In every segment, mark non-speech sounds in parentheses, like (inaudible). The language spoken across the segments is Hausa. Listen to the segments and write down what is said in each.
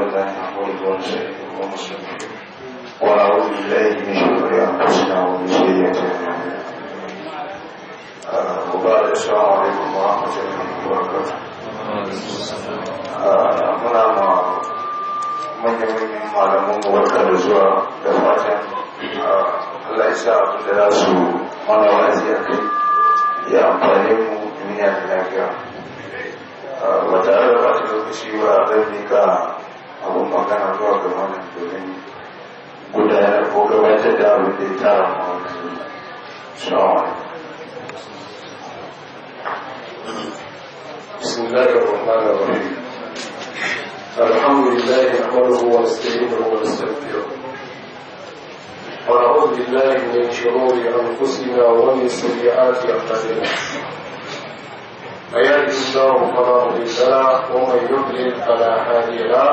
بالله نقول ونستغفره ونستغفره ونعوذ بالله من شرور انفسنا ومن سيئات اعمالنا وبعد السلام عليكم ورحمه الله وبركاته muna ma manyan malaman warka da zuwa da fatan Allah ya sa abin da za su mana wazi a kai ya amfani mu duniya da lafiya ba tare da wata lokaci ba zan mika abin magana zuwa ga wannan domin gudanar ko gabatar da abin da ya tara ma wannan بسم الله الرحمن الرحيم الحمد لله نحمده ونستعينه ونستغفره ونعوذ بالله من شرور انفسنا ومن سيئات اعمالنا من يهده الله فلا مضل له ومن يضلل فلا هادي له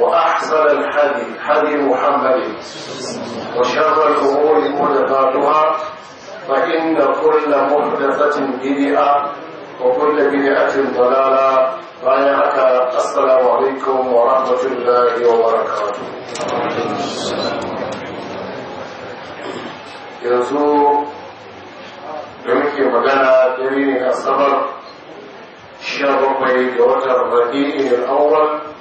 وأحسن الحدي حدي محمد وشر الأمور محدثاتها فإن كل محدثة بدعة وكل بدعة ضلالة فاياك السلام عليكم ورحمة الله وبركاته yanzu da muke magana dare ne asabar 17 ga watan rabi'in awwal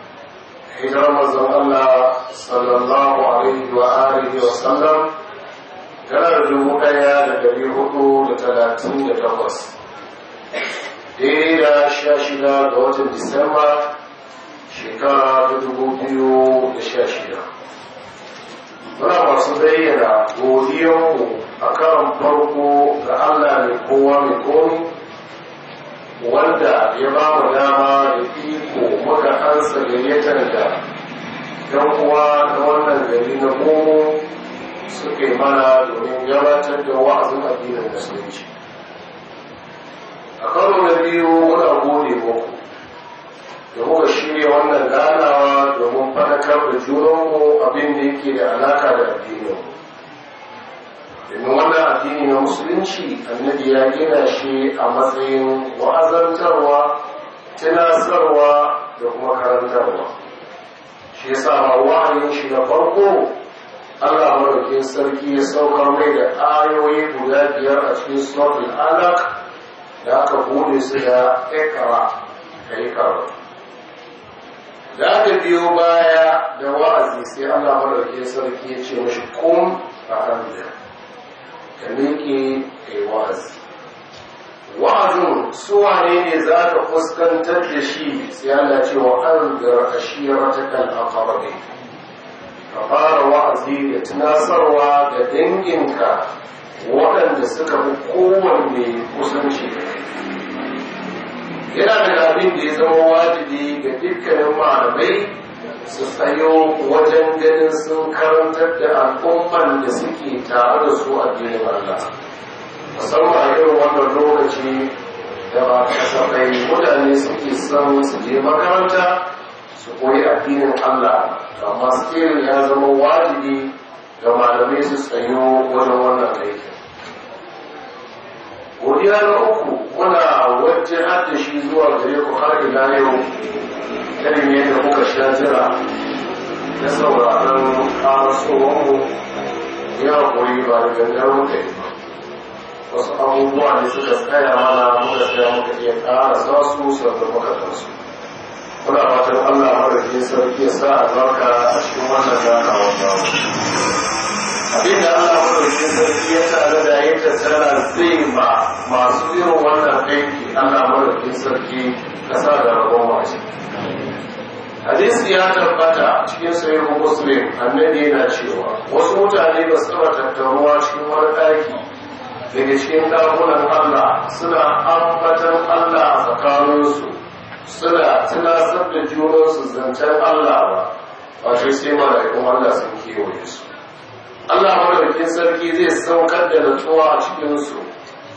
hijirar manzon Allah sallallahu alaihi wa alihi wa sallam Ganar da dubu ɗaya da dari hudu da talatin da takwas daidai da sha shida ga watan disamba shekara ta dubu biyu da sha shida muna masu bayyana mu a karan farko ga Allah mai kowa mai komi wanda ya ba mu dama da iko muka ansa gayyatar da yan uwa na wannan gari na komo suke mana domin gabatar da wa'azin addinin musulunci a karo na biyu muna gode muku da muka shirya wannan ganawa domin fadakar da junanmu abin da yake da alaka da addininmu domin wannan addini na musulunci annabi ya gina shi a matsayin wa'azantarwa tunasarwa da kuma karantarwa shi yasa a wahayin shi na farko Allah madaukin sarki ya saukar mai da ayoyi guda biyar a cikin sautin alaq da aka bude su da ikra kai karo da aka biyo baya da wa'azi sai Allah madaukin sarki ya ce mashi kun a kan ka miƙe kai wazin wa'azin suwa ne ne za ka fuskantar da shi sai ce wa an da ashira ta kan ka fara wa'azi da tunasarwa ga danginka waɗanda suka fi kowanne kusanci da yana da abin da ya zama wajibi ga dukkanin malamai su tsayo wajen ganin sun karantar da al'umman da suke tare da su a jirgin Allah musamman a irin wannan lokaci da ba kasafai mutane suke son su je makaranta su koyi addinin Allah amma still ya zama wajibi ga malamai su tsayo wajen wannan aikin godiya na uku muna wajen da shi zuwa gare ku har ila yau irin yadda muka sha jira na sauraron karasowanmu ya koyi ba da gangar muka yi wasu abubuwa ne suka tsaya mana muka tsaya muka iya ƙara za su sannan muka kansu muna fatan allah madadin sarki ya sa albarka a cikin wannan gana wanda abin da allah madadin sarki ya sa da ya tattara zai ma masu irin wannan aiki allah madadin sarki ka da rabon a hadisi ya tabbata cikin sayar muslim annabi yana cewa wasu mutane ba su taba tattaruwa cikin wani ɗaki daga cikin ɗakunan allah suna ambatan allah a tsakaninsu suna tunasar da junansu zancen allah ba wato sai mala'ikun allah sun kewaye su allah madaukin sarki zai saukar da natsuwa a cikinsu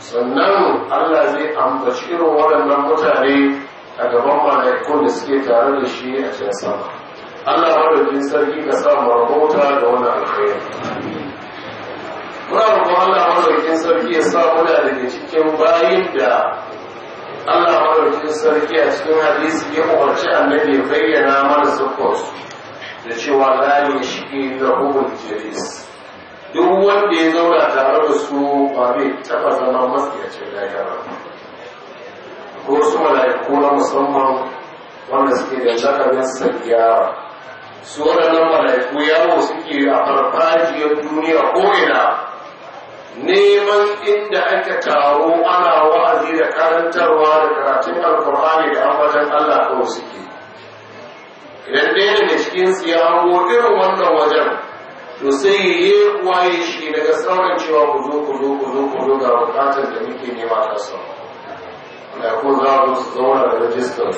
sannan allah zai ambaci irin waɗannan mutane a gaban malaikun da suke tare da shi a can sama Allah madaukin sarki ka sa mu rahota da wannan muna rukun Allah madaukin sarki ya sa wani daga cikin bayan da Allah madaukin sarki a cikin hadisi ya umarci annabi ya bayyana mana sukkus da cewa layi shi da hukun jiris duk wanda ya zauna tare da su ba zai taɓa zama masu a cikin ko wasu mala'iku na musamman wanda suke da lakabin sayyara su waɗannan mala'iku yawo suke a farfajiyar duniya ko'ina neman inda ake taro ana wa'azi da karantarwa da karatun alkur'ani da ambaton Allah kawai suke idan ɗaya daga cikin tsiyawo irin wannan wajen to sai yi waye shi daga sauran cewa ku zo ku zo ku zo ku zo ga bukatar da muke nema ta da ko za a su zauna da rajistar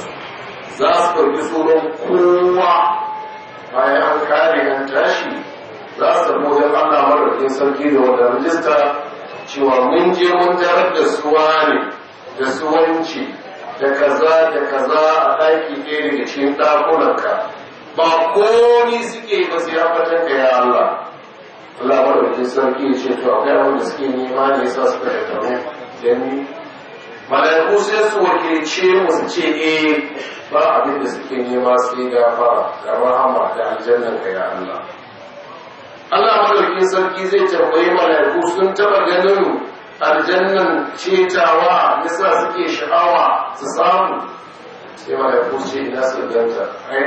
za su ɗauki tsoron kowa bayan an kare an tashi za su samu wajen allah mararrakin sarki da wanda rajista cewa mun je mun tarar da suwa ne da suwanci da kaza da kaza a ɗaki ɗaya daga cikin ɗakunanka ba ni suke ba sai an ka da ya Allah Allah mararrakin sarki ya ce to akwai wanda suke nema ne sa suka da taro malaiku sai su wakilce mu su ce eh ba abin da suke nema sai ba, da rahama da aljannan ka ya Allah Allah madaukakin sarki zai tambayi malaiku sun taba ganin aljannan cetawa nisa suke sha'awa su samu sai malaiku ce ina sun ganta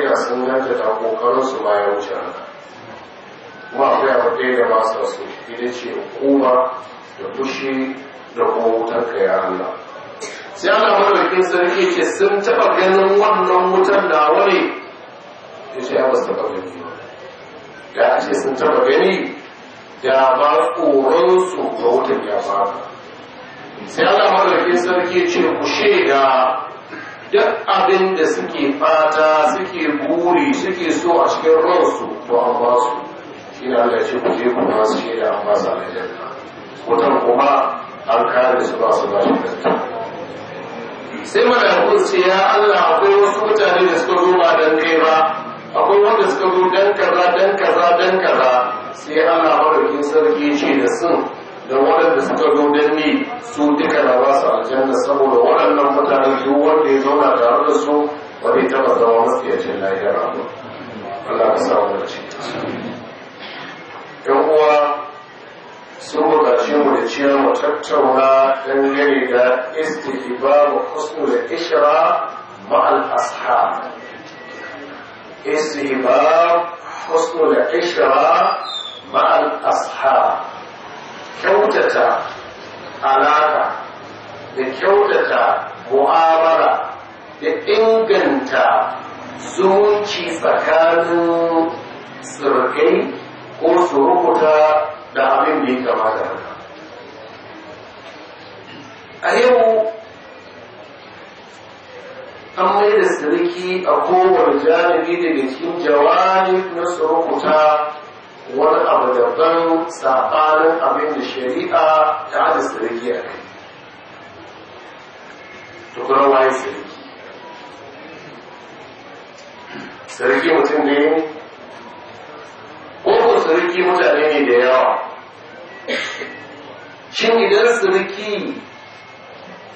da sun ganta ta kokarin su ya wuce kuma akwai abu ɗaya da masu su ita ce kuma da fushi da kuma wutar ka ya Allah sai Allah madaukakin sarki ce sun taɓa ganin wannan wutan da wani ya ce ya basu taɓa gani da a ce sun taɓa gani da ba tsoronsu ga wutan ya fara sai Allah madaukakin sarki ce ku shaida duk abin da suke fata suke buri suke so a cikin ransu to an ba su shi ne Allah ce ku je ku ba su shaida an ba su aljanna wutan kuma an kare su ba su ba shi sai mana ce ya Allah akwai wasu mutane da suka zo ba dan kai ba akwai wanda suka zo dan kaza dan kaza dan kaza sai Allah madaukin sarki ce da sun da waɗanda suka zo dan ni su duka na ba su aljanna saboda waɗannan mutane duk wanda ya zauna tare da su ba zai taɓa zama masu yacin lahira ba Allah ya sa wani ce. uwa sun buƙaci mu da ciyar mu tattauna dangane da istihbabu husnul ishra ma'al ashab istihbab husnul ishra ma'al ashab kyautata alaka da kyautata mu'amala da inganta zumunci tsakanin surkai ko surukuta da abin da ya kamata a yau an mai da sarki a kowane janibi daga cikin jawani na surukuta wani abu daban saɓanin abin da shari'a ta hada sarki a kai tukurar waye sarki sarki mutum ne ko ko surki mutane ne da yawa shin idan surki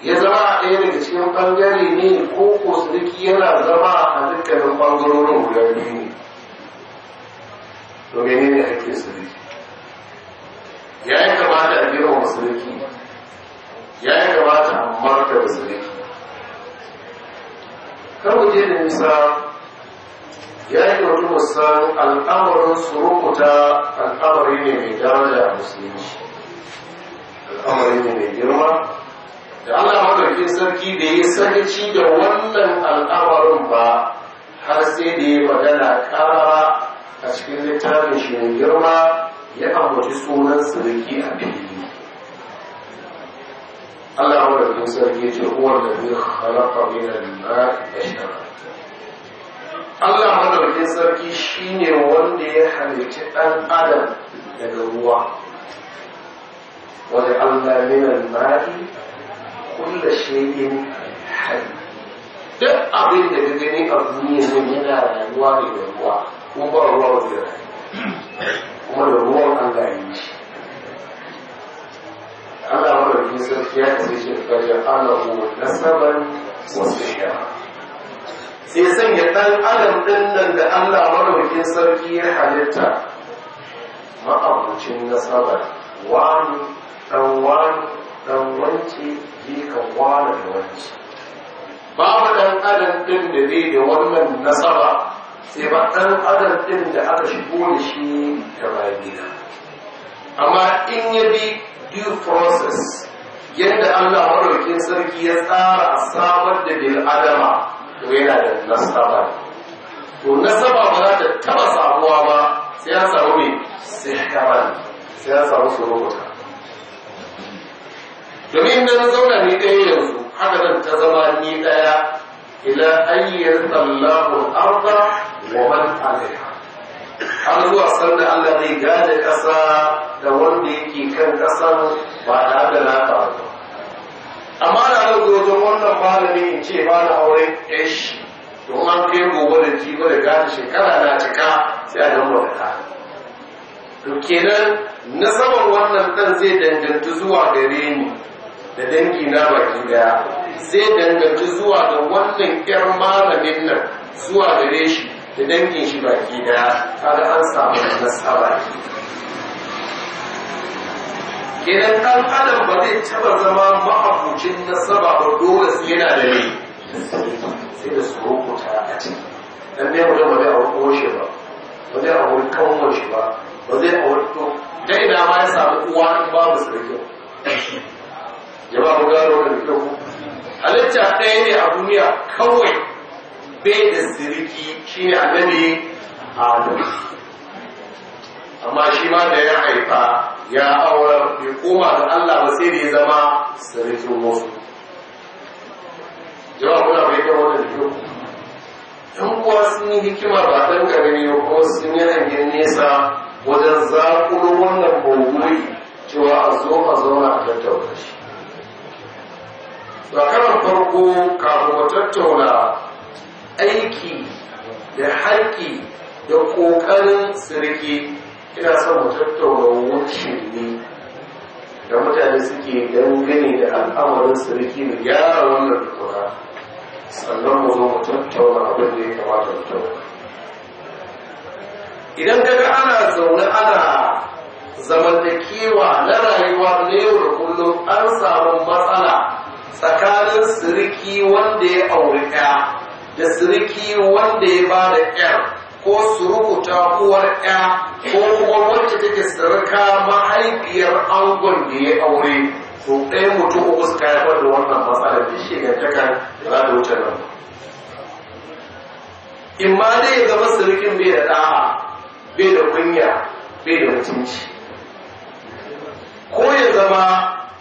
ya zama a ɗaya daga cikin ɓangare ne ko ko surki yana zama a dukkanin ɓangarorin guda biyu ne to gani ne ake surki ya yi kamata a girma surki ya yi kamata a marka surki kan ku je da nisa ya yi mutum musan al'amarin surukuta al'amari ne mai daraja a musulunci al'amari ne mai girma da allah madaukin sarki da ya sakaci da wannan al'amarin ba har sai da ya magana karara a cikin littafin shi mai girma ya ambaci sunan sarki a fili allah madaukin sarki ce kowar da zai halaka mai da bashara Allah madaukin sarki shine wanda ya halitta ɗan adam daga ruwa wani Allah minan ma'i kulla shayin hali duk abin da ka gani a duniya nan yana rayuwa ne da ruwa ko ba ruwa wanda kuma da ruwan an gari shi Allah madaukin sarki ya kasance da kajar Allah ko nasaban wasu shi sai sanya ɗan adam ɗin nan da Allah maɗaukin sarki ya halitta ma'abucin nasaba wani ɗan wani ɗan wanci jikan wani da wanci babu ɗan adam ɗin da zai da wannan nasaba sai ba ɗan adam ɗin da aka shigo da shi ta gida amma in ya bi due process yadda Allah maɗaukin sarki ya tsara samar da bil'adama yana da nasaba to nasaba ba za ta taba samuwa ba sai ya samu ne sai kamar sai ya samu rubuta. domin da na zauna ni ɗaya yanzu haka nan ta zama ni ɗaya ila ayyar tsallahu arda wa man alaiha har zuwa sanda Allah zai gada ƙasa da wanda yake kan ƙasar ba tare da na ba amma na zo wajen wannan malami in ce ba na aure ish domin an kai gobe da jibo da gata shekara na cika sai a dan wadata to kenan nasabar wannan dan zai dangantu zuwa gare ni da dangi na baki daya zai dangantu zuwa ga wannan ƴar malamin nan zuwa gare shi da dangin shi baki daya kaga an samu nasaba kenan ɗan adam ba zai taɓa zama na nasaba ba dole sai yana da ne sai da su ta a ciki dan ne wajen ba zai auko shi ba ba zai auri kanwar shi ba ba zai auri to da ina ma ya samu uwa in babu sarki ya ba mu gano da kyau halitta ɗaya ne a duniya kawai bai da siriki shi ne annabi a amma shi ma da ya haifa ya aure bai koma da Allah ba sai da ya zama sarkin wasu jawab kuna bai kyau da biyu yan kuwa sun yi hikima ba ɗan gari ne ko sun yi rangin nesa wajen zaƙulo wannan bamburi cewa a zo a zauna a tattauna shi ba karan farko kafin mu tattauna aiki da haƙƙi da ƙoƙarin sarki ina son mu tattauna wuce ne da mutane suke dangane da al'amarin sarki da gyara wannan tukuna sannan mu zo mu tattauna abin da ya kamata mu tattauna idan kaga ana zaune ana zamantakewa na rayuwa na yau da kullum an samu matsala tsakanin siriki wanda ya aurika da siriki wanda ya ba da 'yar ko su rubuta uwar ya ko uwar wacce take sarka mahaifiyar angon da ya aure to ɗaya mutum uku su kayan da wannan matsalar da shi ga taka za da wuce nan in ma dai ya zama sarkin bai da ɗa'a bai da kunya bai da mutunci ko ya zama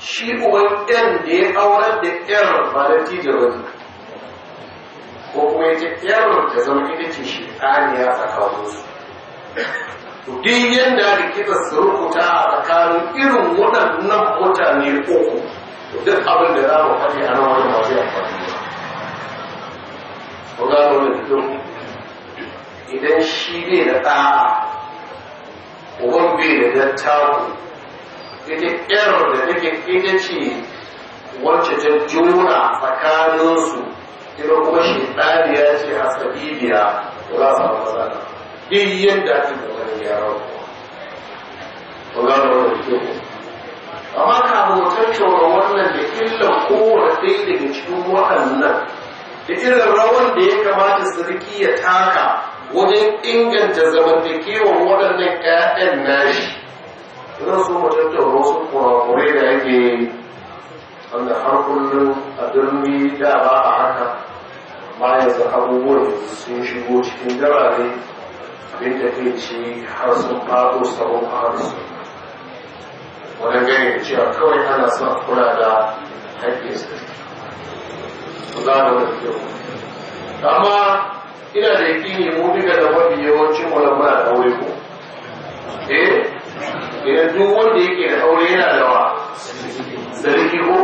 shi uwan ɗan da ya aurar da ƴar ba da tijar wani ko kuma ya yaron da zama ita ce shi ya tsakanin su duk yadda da su rukuta a tsakanin irin waɗannan mutane uku duk abin da za mu faɗi a nan wani masu amfani ba ko gano da duk idan shi ne da ɗa'a uban bai da dattaku ita ƙyar da take ita ce wacce ta jona tsakaninsu kira kuma shi ɗariya ce a sabibiya ko za su samu matsala duk yadda ake kokarin gyara ko za a wani ke amma kafin mu tattauna wannan da illan kowar ɗaya daga cikin waɗannan da irin rawar da ya kamata sarki ya taka wajen inganta zamantakewar waɗannan ƴaƴan nashi. Zan so mu tattauna wasu kurakurai da yake wanda har kullum a birni da ba a haka ma yanzu abubuwan sun shigo cikin jirare abin da ke ci har sun faɗo sabon faɗo wani gani cewa kawai ana son kula da haƙƙinsa za da wani kyau amma ina da ne mu duka da wani yawancin wani muna da aure ko eh idan duk wanda yake da aure yana da wa zargi ko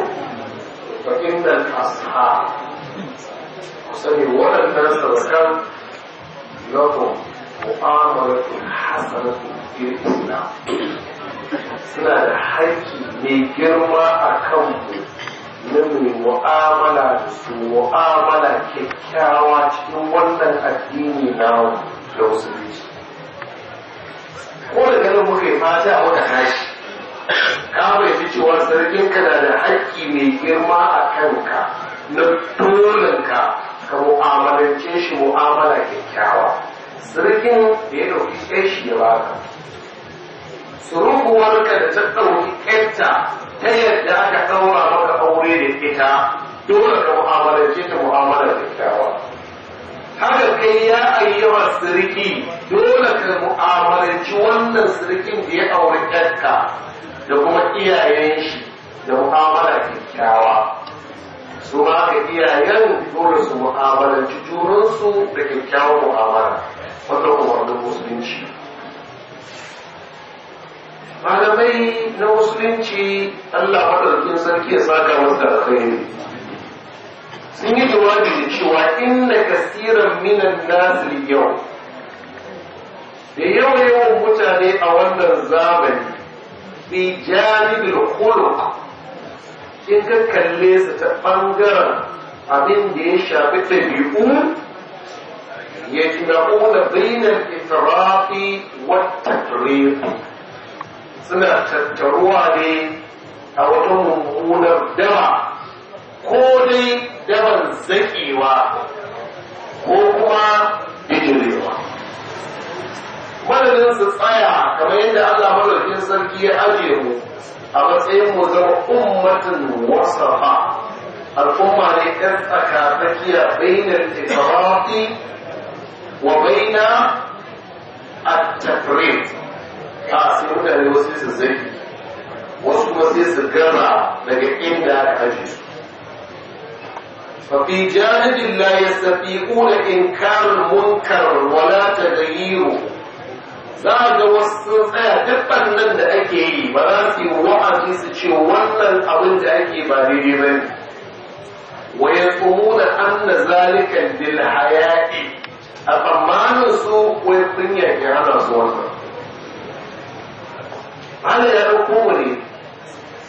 bakin nan asha kusani waɗannan sarkar lokon mu'amalatun hasanatun firina suna da haƙƙi mai girma a mu na mai mu'amala da su mu'amala kyakkyawa cikin wannan addini na wasu ko da ganin muka yi fata a sarkin na da haƙƙi mai girma a kanka na dolinka ka mu'amalance shi mu'amala kyakkyawa sarkin da ya ɗauki ɗaya shi ya baka suruguwarka da ta ɗauki ƙyarta ta yadda aka ɗaura maka aure da ita dole ka mu'amalance ta mu'amala kyakkyawa haka kai ya ayyawa sirki dole ka mu'amalanci wannan sirkin da ya aure ƙyarka da kuma iyayen shi da mu'amala kyakkyawa su ma ga iyayen dole su mu'amalanci junansu da kyakkyawan mu'amala wanda umarnin musulunci malamai na musulunci allah maɗaukin sarki ya saka masu da ne. sun yi jawabi da cewa inna kasiran minan nasir yau da yawan yawan mutane a wannan zamani fi janibin khuluq in ka kalle su ta ɓangaren abin da ya shafi ɗabi'u ya ƙuna bainar itirafi wata suna tattaruwa ne a wata mummunar dama ko dai daban zaƙewa ko kuma bijirewa madadin su tsaya kamar yadda allah madaukin sarki ya ajiye mu a matsayin mu zama ummatin wasafa al'umma ne ɗan tsaka tsakiya bainar ikirafi wa baina at-tafrid a sai mutane wasu su zai wasu kuma sai su gara daga inda aka aje su ففي جانب لا يستطيعون إنكار المنكر ولا تغييره za a ga wasu tsaya dukkan nan da ake yi ba za su yi wa'azi su ce wannan abin da ake ba daidai ba ne wa ya da an na zalikan dil hayaƙi a tsammanin su wai sun ke hana su wannan ana ya ɗauko ne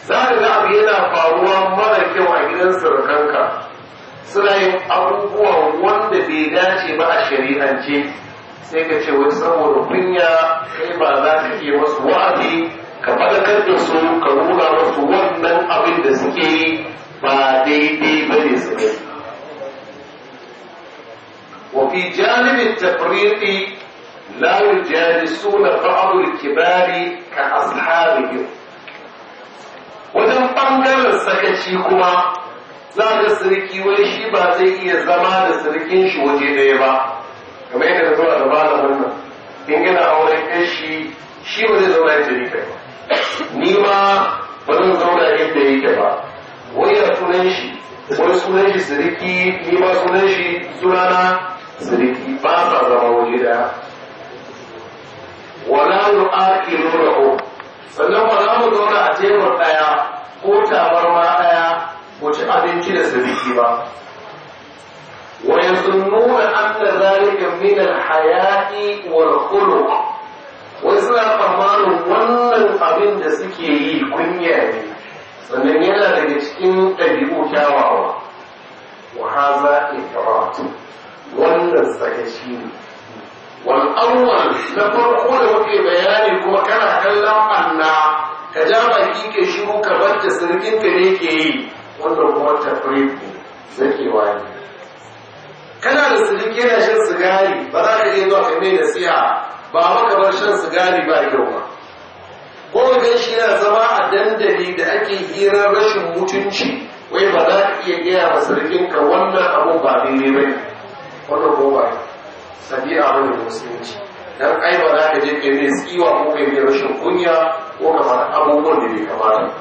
za ka ga abu yana faruwa mara kyau a gidan surukanka suna yin abubuwa wanda bai dace ba a shari'ance sai ka ce wai saboda kunya kai ba za ka ke masu wa'azi ka faɗakar da su ka nuna masu wannan abin da suke yi ba daidai ba ne su ne وفي جانب suna لا kibari ka الكبار yau. wajen ɓangaren sakaci kuma za ga sarki wai shi ba zai iya zama da sarkin shi waje ɗaya ba kamar yadda ta zo a gabanin wannan in gina auren ɗan shi shi ba zai zauna yadda ni kai ba ni ma ba zauna yadda yake ba wai ya sunan shi wani sunan shi siriki ni ma sunan shi sunana siriki ba sa zama waje daya wala nu'aqilu ko? sannan ba za mu zauna a tebur daya ko tabarma daya ko ci abinci da siriki ba wal أن Wai suna الحياة wannan abin da suke yi kunya ne? sannan yana daga cikin ɗabi'u kyawawa wa haza ifrat wannan shi ne wal awwal na farko da muke bayani kuma kana kallon anna ka ja baki ke shiru ka bar da sirkin ka ne ke yi wannan kuma tafrif ne zakewa ne kana da sirrin yana shan sigari ba za ka iya zuwa kai mai nasiha ba maka bar shan sigari ba kyau ba ko ga shi yana zama a dandali da ake hira rashin mutunci wai ba za ka iya gaya ma ka wannan abu ba daidai ba mai wannan ko ba a wani musulunci dan ai ba za ka je kai mai tsiwa ko kai mai rashin kunya ko kamar abubuwan da bai kamata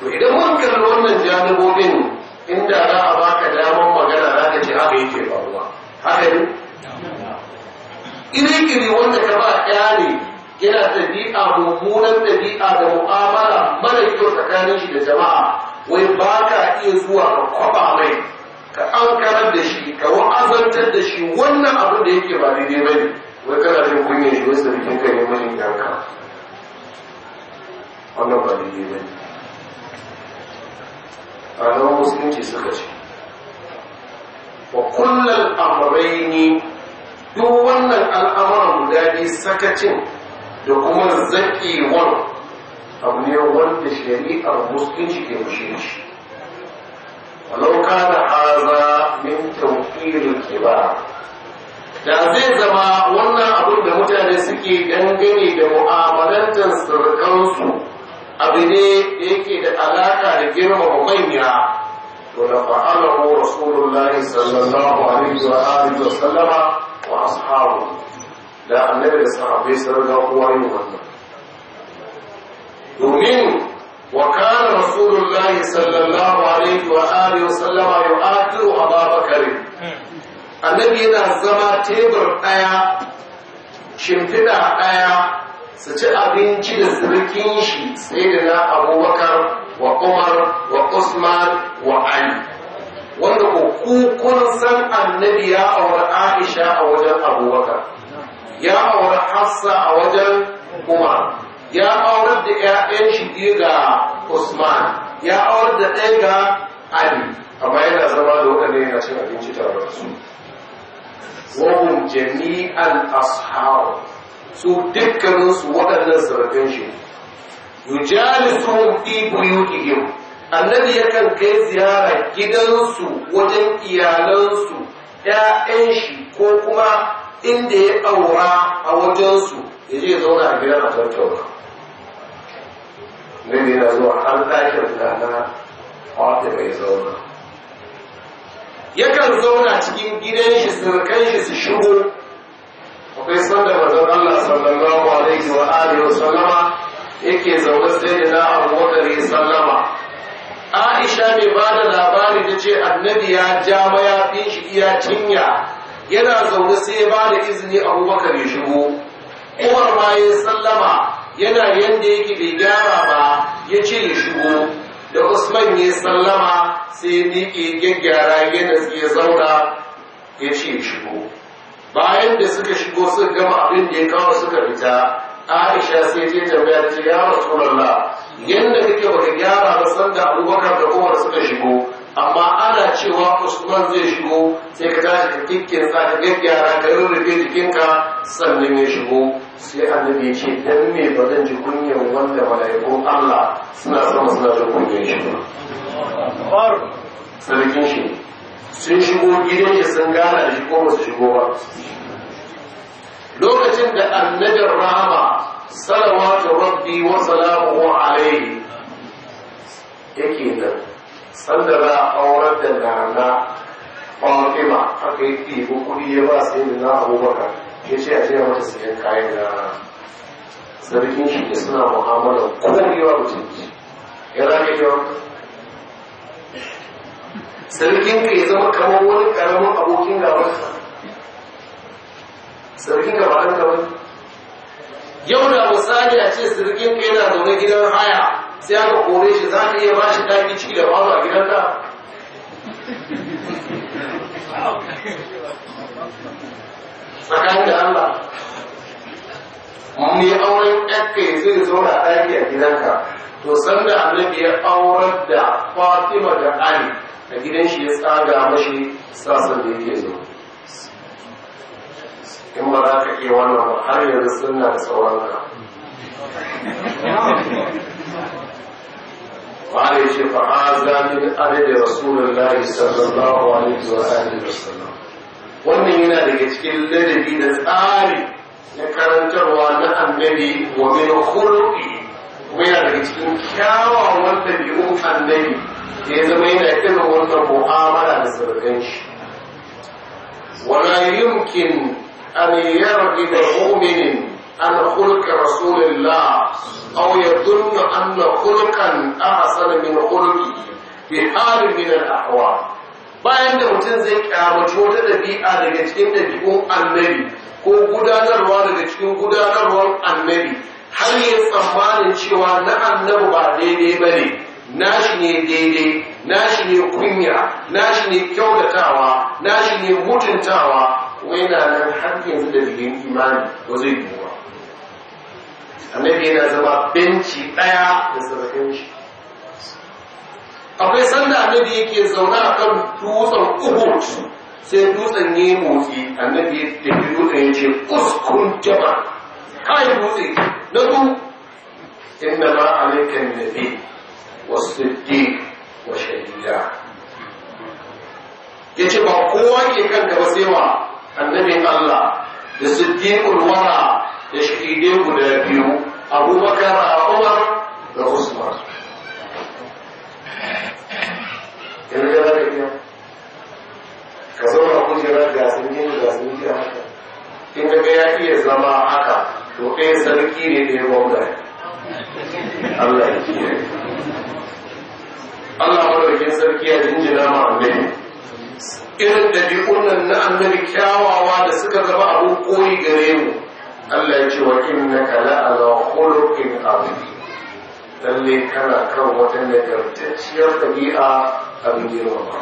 to idan mun kalli wannan janibobin inda za a baka damar magana za ka ce haka yake faruwa haka ne iri-iri wanda ka ba ɗaya ne yana bi'a mummunan bi'a da mu'amala mara kyau tsakanin shi da jama'a wai ba ka iya zuwa ka kwaba mai ka ankarar da shi ka wa'azantar da shi wannan abin da yake ba daidai ba ne wai kana jin kunya shi wasu bikin ka ne mai yanka wannan ba daidai ba ne ranar musulunci suka ce wa kullum ne duk wannan al'amuran guda ne sakacin da kuma zaƙewar abu ne wanda shari'ar musulunci ke mushe shi walau da haza min tawfirin ba. da zai zama wannan abin da mutane suke dangane da mu'amalantar sirkansu abu ne da yake da alaka da girmama manya ونفعله رسول الله صلى الله عليه وآله وسلم Da لا النبي الصحابي صلى الله عليه وسلم يؤمن وكان رسول الله صلى الله عليه وآله وسلم يؤثر أبا بكر النبي هنا zama تيبر آية شمتنا آية su ci abinci da surukin shi sai da na abubakar wa umar wa usman wa ali wanda ku san annabi ya aura aisha a wajen abubakar ya aure hafsa a wajen umar ya aurar da 'ya'yan shi biyu ga usman ya aurar da ɗaya ga ali amma yana zama da waɗanda yana cin abinci tare da su wahum jami'an ashabu su dukkaninsu waɗannan sarakan shi yujalisuhum fi buyutihim annabi yakan kai ziyara gidansu wajen iyalansu ‘ya'yan shi ko kuma inda ya aura a wajensu ya je zauna a gidan a tattauna. Nabi yana zuwa har ɗakin da na wata mai zauna. Yakan zauna cikin gidan shi, sirkan shi su shigo akwai sanda mazan Allah sallallahu alaihi wa alihi wa sallama yake zaune sai da na abubakar sallama Aisha mai ba da labari ta ce annabi ya ja mayafin shi iya cinya yana zaune sai ba da izini Bakar ya shigo Umar ma ya sallama yana yanda yake bai gyara ba ya ce ya shigo da Usman ya sallama sai ya miƙe gyaggyara ya natsi ya zauna ya ce ya shigo bayan da suka shigo suka gama abin da ya kawo suka fita aisha sai ce tambaya ta ce ya rasulallah yadda kake baka gyara ba san da abubakar da kowar suka shigo amma ana cewa usman zai shigo sai ka tashi ka kikkin sa ka gaggyara ka rurrufe jikinka sannan ya shigo sai annabi ya ce dan me ba zan ji kunyar wanda malaikun allah suna sama suna jin kunyar shi ba sarkin shi sun shigo gidan shi sun gana da shigo ba su shigo ba lokacin da annabin rahama salawatu rabbi wa salamu alaihi yake da sanda za a aurar da nana fatima aka yi ɗigo kuɗi ya ba sai da na abubakar ya ce a ce mata sayan kayan da sarkin shi da suna mu'amalar korewa mutum ya rage yau sarkin ka ya zama kamar wani ƙaramin abokin gabansa sarkin ka ba an yau da misali a ce sarkin ka yana zaune gidan haya sai aka kore shi za ka iya ba shi daki ciki da babu a gidan ka tsakanin da Allah ne auren ɗanka zai zauna ɗaki a gidanka to sanda annabi ya aurar da fatima da ali a gidan shi ya tsaga mashi sasan da yake zo in ba za ka ke wannan ba har yanzu suna da tsawon ka ba da shi fa haza da rasulun rasulullahi sallallahu alaihi wa alihi wannan yana daga cikin ladabi da tsari na karantarwa na annabi wa min khuluqi kuma yana daga cikin kyawawan u annabi da ya zama yana kira wannan mu'amala da sarkan shi wala yumkin أن يرغب مؤمن أن خلق رسول الله أو يظن أن خلقا أحسن من خلقه حال من الأحوال bayan da mutum zai kyamaci wata ɗabi'a daga cikin ɗabi'un annabi ko gudanarwa daga cikin gudanarwar annabi har yi tsammanin cewa na annabi ba daidai ba ne na shi ne daidai na shi ne kunya na shi ne kyautatawa na shi ne mutuntawa kuma yana nan har yanzu da bigin imani ba zai yi ba annabi yana zama benci ɗaya da saba'in shi akwai sanda annabi yake zaune a kan dutsen uhud sai dutsen ya yi motsi annabi ya tafi dutsen ya ce uskun jama kai motsi na du inna ma alaikan nabi wasu siddiq wa shahida ya ce ba kowa ke kan gaba sai wa annabin Allah da siddiqul wara da shahidai guda biyu abubakar a umar da usman yanzu da zaka iya ka zauna kujerar gasanni da gasanni da haka in ka ya iya zama haka to ɗaya sarki ne ɗaya gwamna Allah ya kiyaye Allah madaukin sarki ya jinjina ma irin ɗabi'un nan na annabi kyawawa da suka zama abin koyi gare mu Allah ya ce wa innaka la'ala khuluqin abu. lalle kana kan wata nagartacciyar ɗabi'a abin girmama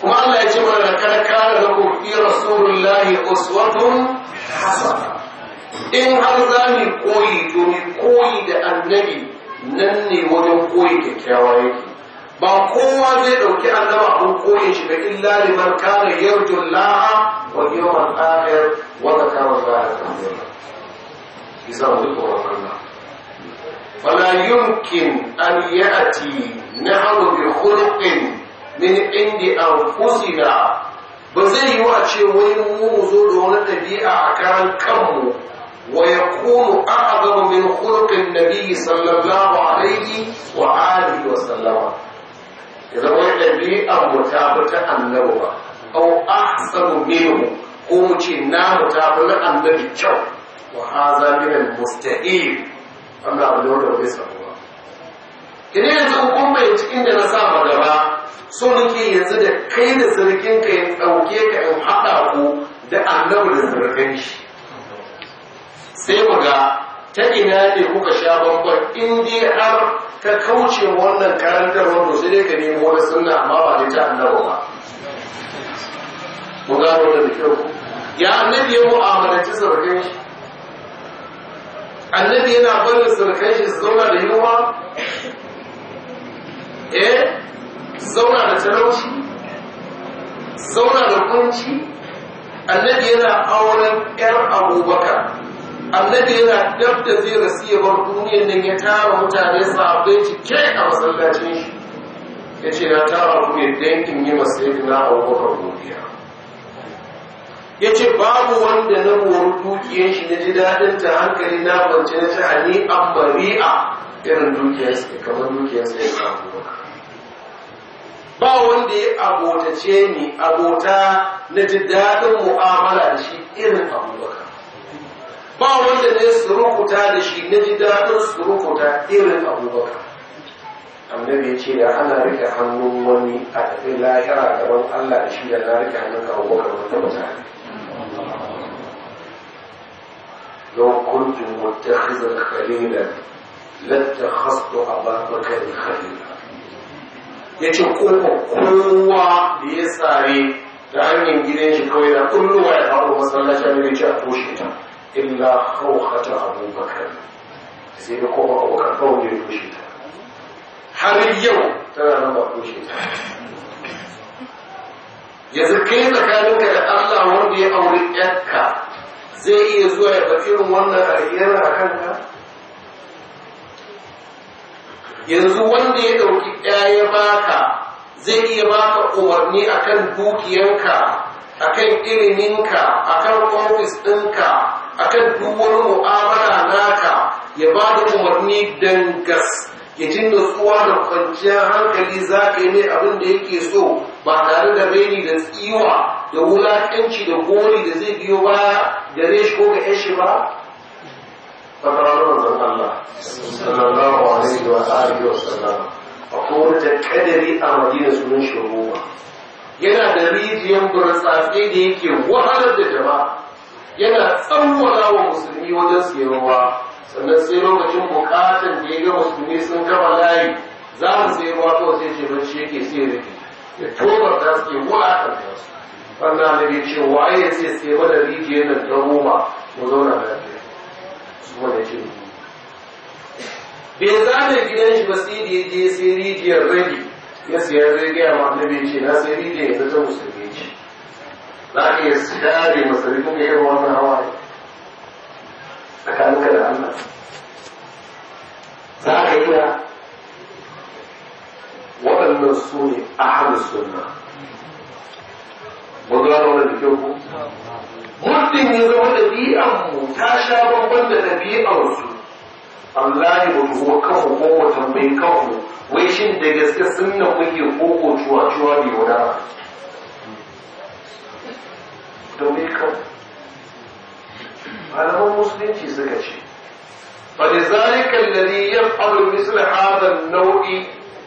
kuma Allah ya ce mana kada kana da kofi rasulullahi uswatun hasana in har za ni koyi domin koyi da annabi nan ne wajen koyi kyakkyawa yake ba kowa zai ɗauki annaba abin koyin shi da illa liman kana yarju Allah wa yawmal akhir wa zakara Allah bisa wani tsoron Allah fala yumkin an ya'ti na'u bi khuluqin min indi ba zai yi wa ce mu zo da wani ɗabi'a a karan kanmu ويكون أعظم من خلق النبي صلى الله عليه وآله وسلم ya zama ɗabi'ar mu ta ta annabi ba au ahsanu ko mu ce namu ta fi na annabi kyau wa haza min al-musta'il Allah abu da wanda bai samu ba kire yanzu mai cikin da na sa gaba so nake yanzu da kai da sirkin ka ya dauke ka in haɗa ku da annabu da sirkin shi sai mu ga ta ina ne kuka sha bambam in dai har ta kauce wannan karantar wanda sai dai ka nemo wani sunna amma ba dai ta annabi ba mu gano da kyau ya annabi ya mu'amalanci sarkai shi annabi yana barin sarkai shi su zauna da yunwa eh zauna da talauci zauna da kunci annabi yana auren yar abubakar annabi yana dab da zai rasu ya bar duniya nan ya tara mutane bai cike a masallacin shi ya ce ya tara ku ne dankin yi masu yi na abubakar duniya ya ce babu wanda na buwar dukiyar shi na ji daɗin ta hankali na bance na sha'ani a bari'a irin dukiyar su kamar dukiyar su ya samu ba wanda ya abotace ni abota na ji daɗin mu'amala da shi irin abubakar ba wanda ne surukuta da shi na ji daɗin surukuta irin abubakar annabi ya ce da ana rike hannun wani a tafi lahira gaban allah da shi da na rike hannun abubakar wata mutane لو كنت متخذا خليلا لاتخذت ابا بكر خليلا yace kuma kowa da ya tsare ta hanyar gidan shi kawai da kulluwa ya faru masallacin da ya ce a toshe ta illa hauhata abubakar sai da koma abubakar kawai ne ya kushe ta har yau tana nan ba kushe ta yi tsakanin tsakaninka da allah wanda ya auri yanka zai iya zuwa ya faɗi irin wannan alheri a kanka yanzu wanda ya ɗauki ɗaya baka zai iya baka umarni akan dukiyanka akan a akan ofis ɗinka akan duk wani mu'amala naka ya ba da umarni dangas ya ji nutsuwa da kwanciyar hankali za ka yi mai abin da yake so ba tare da raini da tsiwa da wulaƙanci da gori da zai biyo baya da shi ko ga yan shi ba fadararun zan Allah sallallahu alaihi wa sa'adu wa sallam akwai wani takadari a madina sunan shi yana da rijiyar burtsatsai da yake wahalar da jama'a yana tsawwala wa musulmi wajen siyarwa sannan sai lokacin bukatan da ya ga musulmi sun gama layi za mu sai ta kawai sai ce bacci yake sai rufe ya tobar ta suke wulakan da su wannan da ke ce waye ya ce sai mana rijiyar nan ta roma mu zauna lafiya su wani ce bai zane gidan shi ba sai da ya je sai rijiyar rage ya siyar rage amma na bai ce na sai rijiyar ya ta musulmi za ka iya share musulmi da irin wannan hawaye tsakaninka da Allah za ka iya waɗannan su ne ahalus sunna mun gano wannan da kyau ko muddin ya zama ɗabi'anmu ta sha bambam da ɗabi'ansu Allah ba mu kuma kanmu ko wa tambayi kanmu wai shin da gaske sun na kuke ko ko cuwa-cuwa bai wadata domin kawai malaman musulunci suka ce فلذلك الذي يفعل مثل هذا النوع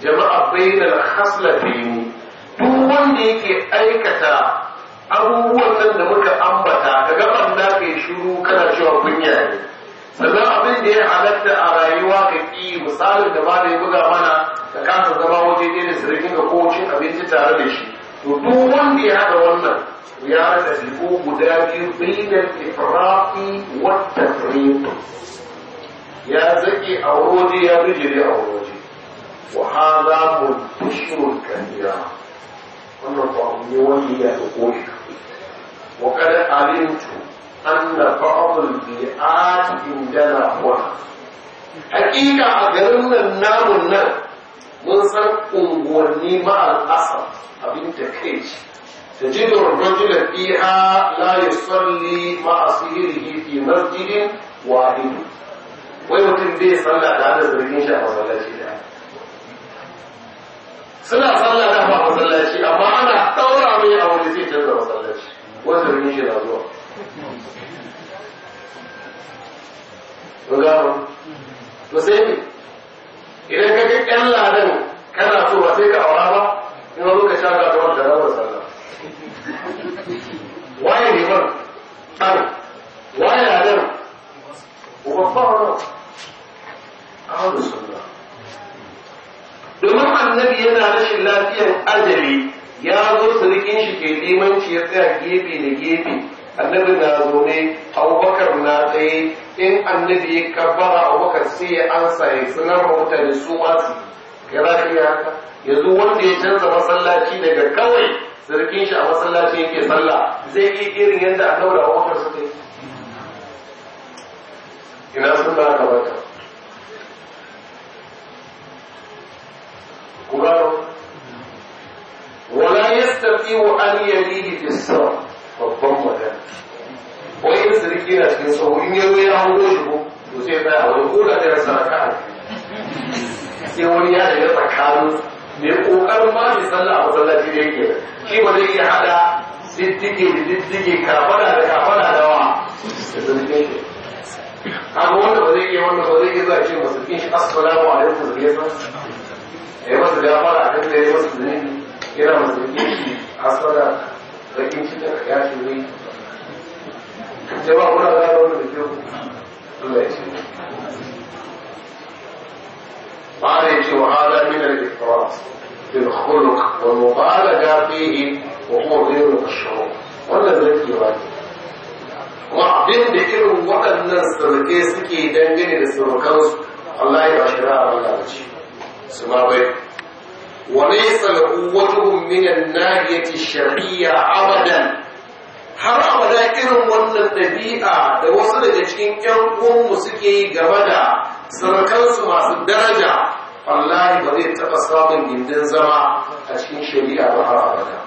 جمع yi ne duk wanda yake aikata abubuwan nan da muka ambata ka gaban da shiru kana cewa kunya ne sannan abin da ya halatta a rayuwa ka ƙi misalin da ba da ya buga mana ka kasa zama waje ɗaya da ga kowacin abinci tare da shi to duk wanda ya haɗa wannan ya ɗabi'u guda biyu bainal ifraqi wata tafriq ya zaki a waje ya bijire a waje wa hada mudbishun kaniya wannan ba ne wani ya koyi wa kada alimtu anna ba'd al-bi'at indana wa hakika a garin nan namun nan mun san unguwanni ma al'asar abin takeici تجد الرجل فيها لا يصلي مع صهره في مسجد واحد ويمكن به صلى على زرقين شاء مصلاتي لها سنة صلى لها مصلاتي أما أنا أتورع مي أو نسي جزء مصلاتي وزرقين شاء الله وقالوا وسيدي إذا كنت أنا لها kana so ba sai ka aura ba in wani lokaci aka ta wanda rawar sallah waye ne ba ɗan waye na ɗan uban fara a suna domin annabi yana rashin lafiyar ajali ya zo sirikin shi ke limanci ya tsaya gefe da gefe annabi na zaune abubakar na tsaye in annabi ya kabbara abubakar sai ya ansa ya sanar da mutane su masu kira shi ya yanzu wanda ya canza masallaci daga kawai sarkin shi a masallaci yake sallah zai yi irin yadda a daura a wakar su ne ina sun ba ka wata kuma wala yastafi wa an yalihi fi sawa babban magana Wani sarki na cikin saurin in yau ya hango shi ko to sai ya tsaya wani kula da rasa ka sai wani ya daga tsakanin mai kokarin ma mai sallah a masallaci da yake shi ba zai iya hada diddige da diddige kafada da kafada da wa da zurfin shi haka wanda ba zai iya wanda ba zai iya zuwa ce masu kin shi wa assalamu alaikum zurfin sa ya yi masa gafara a kan da ya masu masa zunubi yana masu kin shi asala da kin shi da ya shi ne jama'a kuna gano wanda da kyau Allah ya ce عليه وعلى من الافراط في الخلق والمبالغه فيه وهو غير مشروع ولا ذكي غير وعبين بكره وقد نرسل كيسكي دنجني رسول الله يبشرها الله بشي سمع بيه وليس لقوتهم من الناهية الشرعية أبداً har abada irin wannan ɗabi'a da wasu daga cikin ƴan uwanmu suke yi gaba da sarkansu masu daraja wallahi ba zai taɓa samun gindin zama a cikin shari'a ba har abada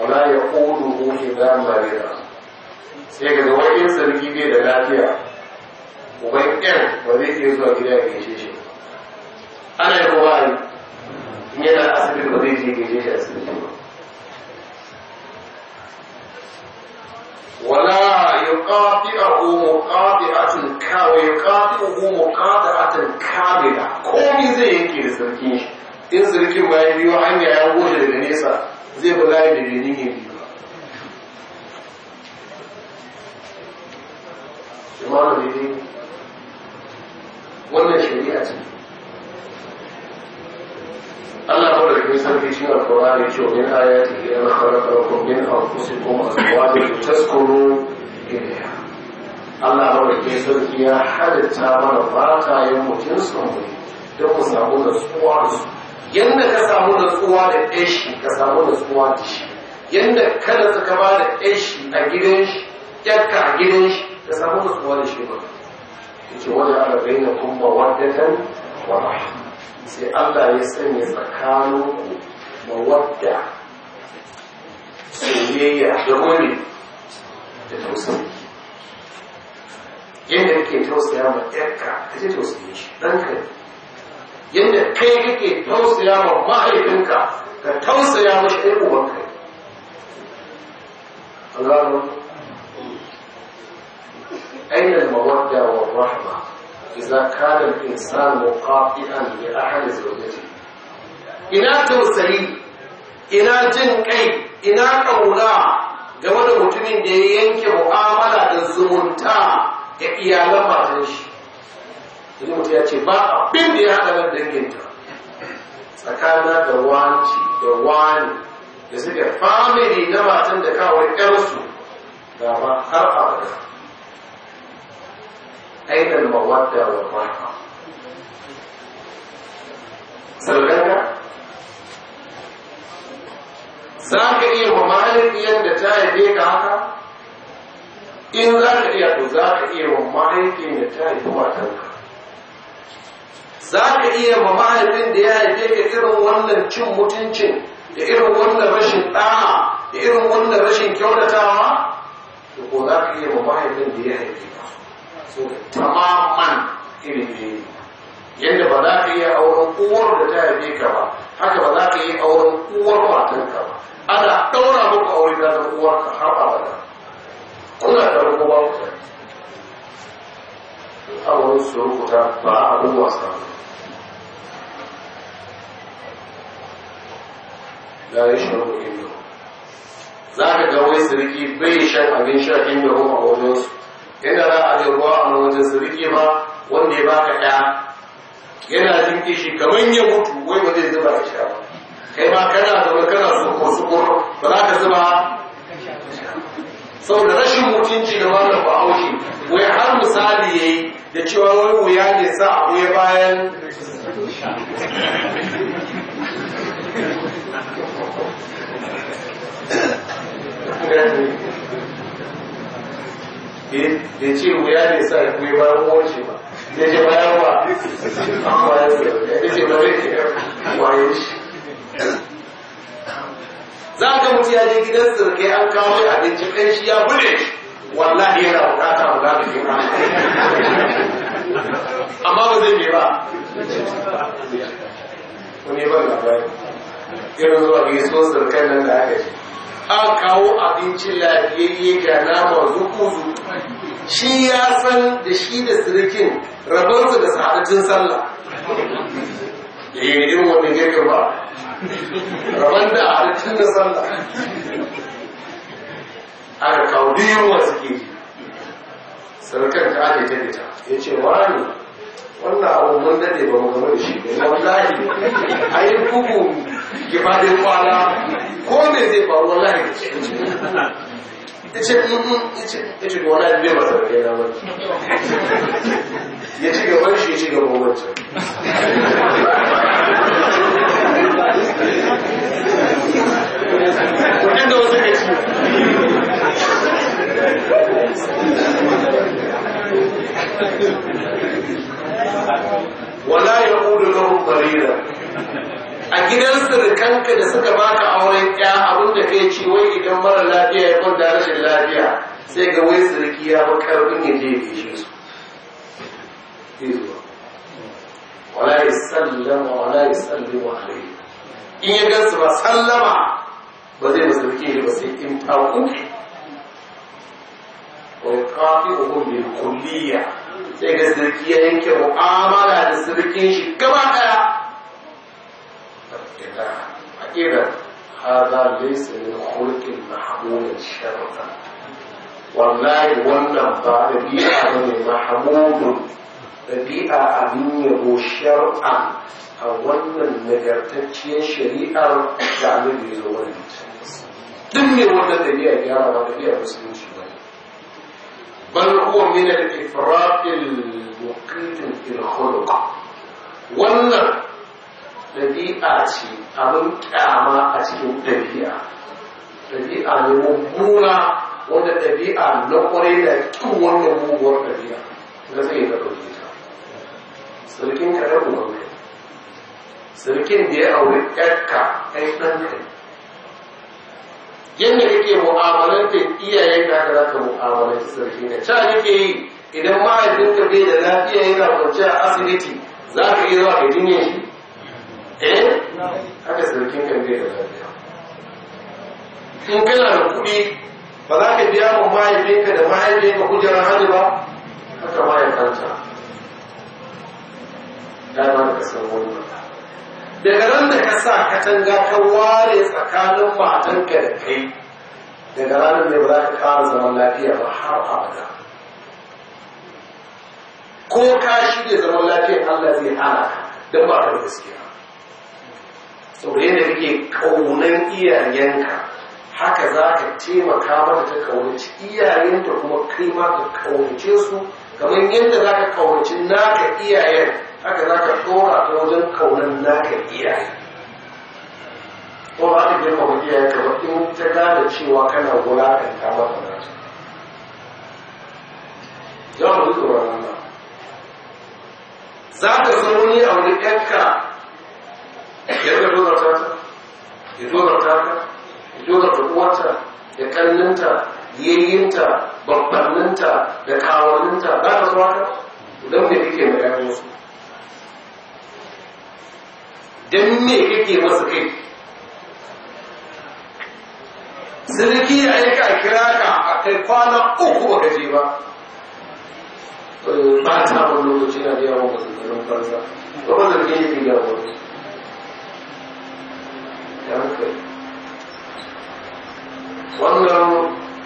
wala ya ƙodo hoke da marira sai ga wani sarki bai da lafiya ubai ƴan ba zai iya zuwa gida ya gaishe shi ana yi kowa ne yana asibiti ba zai je gaishe shi asibiti yuqati'uhu muqati'atun ka wa yuqati'uhu muqati'atun kamila komai zai yanke da sarki shi in sarkin ba ya biyo hanya ya goje daga nesa zai ba layi da benin ya biyo ba wannan shari'a ce Allah ba da kai sarki shi a Qur'ani cewa min ayati ya khalaqa lakum min anfusikum azwajan taskuru irin Allah mawarke sarki ya halitta mana fatayen mutunsu don mu samu da tsuwa su yadda ka samu da tsuwa da ɗashi ka samu da tsuwa da shi yadda kada su ba da ɗashi a gidan shi yakka a gidan shi ka samu da tsuwa da shi ba ce wani arabai na kuma wadatan wa sai Allah ya sanya tsakanin ku mawadda soyayya da wani da tausayi yadda kake tausaya ma ɗanka ka ji tausaye shi ɗanka yadda kai kake tausaya ma mahaifinka ka tausaya mashi ɗan ubanka an gano أين المودة والرحمة إذا كان الإنسان مقاطئا لأحد زوجته إنا توسري إنا جنكي إنا قولا game wani mutumin da ya yanke mu'amala da zumunta ga iyalan matan shi yanzu mutum ya ce ba abin da ya haɗa da danginta tsakanin da wanci da wani da suke famili na matan da kawai ƴarsu ga ba har abada ainihin mawadda wa mahaifa sargana za ka iya wa mahaifiyar da ta haife ka haka in za ka iya to za ka iya wa mahaifiyar da ta haife matanka za ka iya wa mahaifin da ya haife ka irin wannan cin mutuncin da irin wannan rashin ɗa'a da irin wannan rashin kyautatawa da ko za ka iya wa mahaifin da ya haife ka so tamaman irin ne yadda ba za ka yi auren uwar da ta haife ka ba haka ba za ka yi auren uwar matanka ba ana ɗaura muku aure da ta uwar ka har abada kuna da rubu ba ku auren su rubuta ba a abin wasa la ya shi inda za ka ga wai sirki bai shan abin sha inda ruwa a wajensu inda za a je ruwa a wajen sirki ba wanda ya baka ɗaya yana jirgin shi kamar ya mutu wai ba zai zuba da sha ba kai ma kana zama kana su ko ba za ka zuba saboda rashin mutunci da ba bahaushe wai har misali ya yi da cewa wani wuya ne sa a wuya bayan eh, ya ce wuya ne sa a wuya bayan wace ya ce bayan wa an bayan su ya ce bari waye shi za ka mutu ya je gidan sirkai an kawo shi abinci kai shi ya bude shi wallahi yana bukata bukata ke ba amma ba zai ba wani ban labari irin zuwa ga so sirkan nan da aka ce an kawo abincin lafiyayye ga nama zuku zuku shi ya san da shi da sirikin rabansu da sa'adatin sallah ya yi irin wani gefe ba rabar da halittun da sallah aka kawo biyun wasu ke sarkar ta ake ta ita ya ce wani wannan abu mun dade ba mu gama da shi ne wallahi ayi bugu gibadin kwana ko me zai faru wallahi da ce Mm, mm, ya ce ya ce wani abin bai masa kai na wani ya ci gaban shi ya ci gaban wancan ka ci a gidan surukanka da suka baka auren ya abin da kai ce wai idan mara lafiya ya kwanta rashin lafiya sai ga wai suruki ya fi karfin ya je ya su wala ya sallama wala ya sallama alai in ya gansu ba sallama ba zai masu rike ba sai in ta kuke wai kafi uhun bil kulliya sai ga sirki ya yanke mu'amala da sirkin shi gaba daya الاجتماع إذا هذا ليس من خلق محمول الشرطة والله يقولنا ببيعة من محمول ببيعة من الشرطة أولا نجرتكي شريعة جعلي بيزوري دمي ولا دمي يا رب دمي مسلم شمال بل هو من الإفراط المقيت في الخلق والله ɗabi'a ce abin ƙyama a cikin ɗabi'a ɗabi'a ne mummuna wanda ɗabi'a na ƙwarai da ƙin wannan muguwar ɗabi'a na zai ga ɗauki ta sarkin ka ɗan uwan sarkin da ya aure ƴarka ɗan ɗan kai yadda kake mu'amalantar iyaye da aka zaka mu'amalantar sarki ne ca yake yi idan mahaifinka bai da lafiya yana kwanciya asibiti za ka iya zuwa ka jinyar shi eh haka sarkin kan da in kana da kuɗi ba za ka biya mu mahaifinka da mahaifinka kujerar hannu ba haka mahaifanta ya da kasar wani daga nan da ka sa katanga ka ware tsakanin matanka da kai daga ranar ne ba za ka kara zaman lafiya ba har abada ko ka shirya zaman lafiyar Allah zai hana da ba ka gaskiya da yadda kake ƙaunar iyayenka haka za ka taimaka mata ta kaunaci iyayenta kuma kai ma ka kaunace su kamar yadda za ka kaunaci naka iyayen haka za ka tsora ta wajen ƙaunar naka iyaye kuma aka girma ma iyayen kamar in ta gane cewa kana wulaƙanta mata ta yawan duk tsoron za ka zo wani a wani ka. idan ya dora ta ya dora ta ya dora ta uwarta da kallinta yayyinta babbanninta da kawanninta za ta zuwa ta don me kake mai yayin wasu don me kake masa kai sirki ya yi ka kira ka a kai kwana uku a gaje ba ba ta wani lokaci na da yawon masu zanen farsa ba ba zargin yi fi yawon da wannan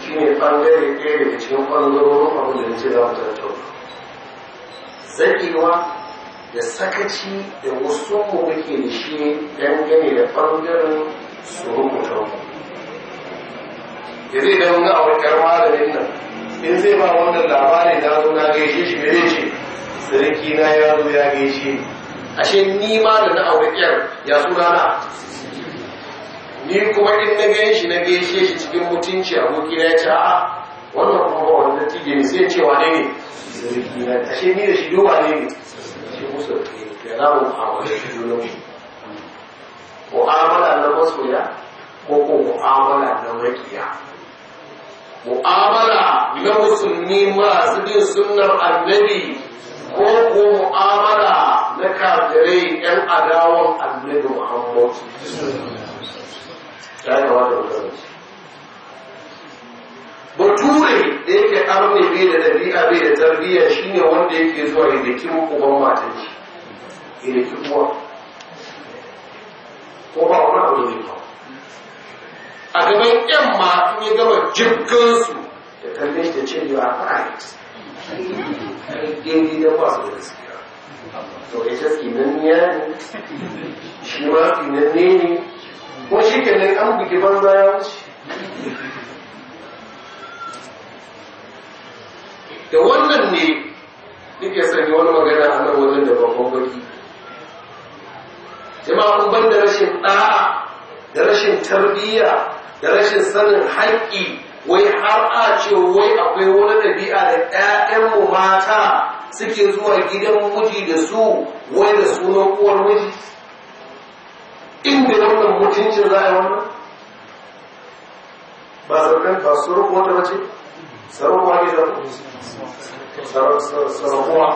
shi ne ɓangare ɗaya daga cikin ɓangarorin abin da nace za mu tattauna zaƙewa da sakaci da wasu mu muke da shi dangane da ɓangaren tsoron mutum ya zai da wani abu malamin nan in zai ba wanda labarin na zo na gaishe shi gare ce sarki na ya zo ya gaishe ashe ni ma da na aure yar ya suna na ni kuma in na gan shi na gaishe shi cikin mutunci goki na ce a wannan kuma ba wanda tije ne sai cewa ne ne sarki na ashe ni da shi duba ne ne shi ku sarki ne ya za mu da shi dole mu amala na masoya ko ko mu'amala na makiya mu'amala na musulmi masu bin sunnar annabi ko ko mu'amala na kafirai yan adawan annabi muhammadu. bature da yake arne bai da dabi'a bai da tarbiyya shine wanda yake zuwa ya daki matan shi ya daki kuwa ko ba wani abu da zai a gaban yan ma ya gama jirginsu da kalle da ce a da ba su da ne ko shi ke nan an buge banza ya wuce da wannan ne ya sani wani magana a nan wajen da babban baki jama'a kun ban da rashin ɗa'a da rashin tarbiyya da rashin sanin haƙƙi wai har a ce wai akwai wani ɗabi'a da mu mata suke zuwa gidan miji da su wai da sunan uwar miji inda wannan mutuncin za a yi wannan ba sauran ba su ruku wata mace sarakuwa ne za zaku sarakuwa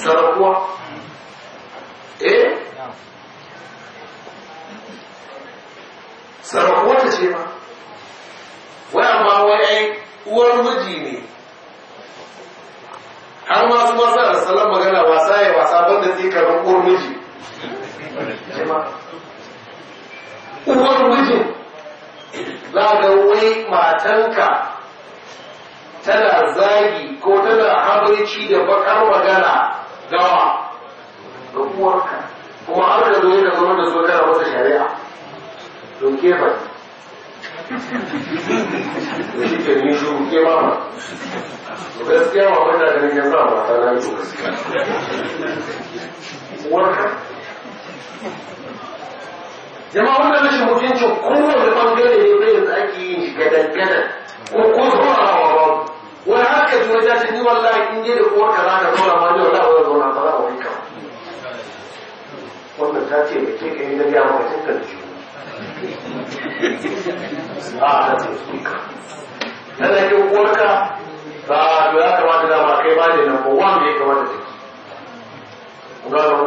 sarakuwa eh sarakuwa ta ce ma waya ma waya yi uwar miji ne har ma su masu arsalan magana wasa ya wasa banda tsikarin uwar miji uwar mijin za ga wai matanka tana zagi ko tana habarci da bakar magana gawa da uwarka kuma an da zo yana zama da so kana wata shari'a to ke ba da shi ke ni shi ke ba ba gaskiya ba da ganin yanzu a mata na yi to gaskiya uwarka jama'a wannan rashin mutuncin kowane bangare ne bai da ake yin shi gadan-gadan ko ko tsorawa ba wani har ji wajen ni wallahi in je da kowa kaza ka zuwa ma ni wallahi wani zauna ba za a wani kama wannan ta ce mai ke kai na gaya maka tun kan a ta ce su yi uwarka ba da ya kamata dama kai ba ne nan ba wanda kamata take ku gano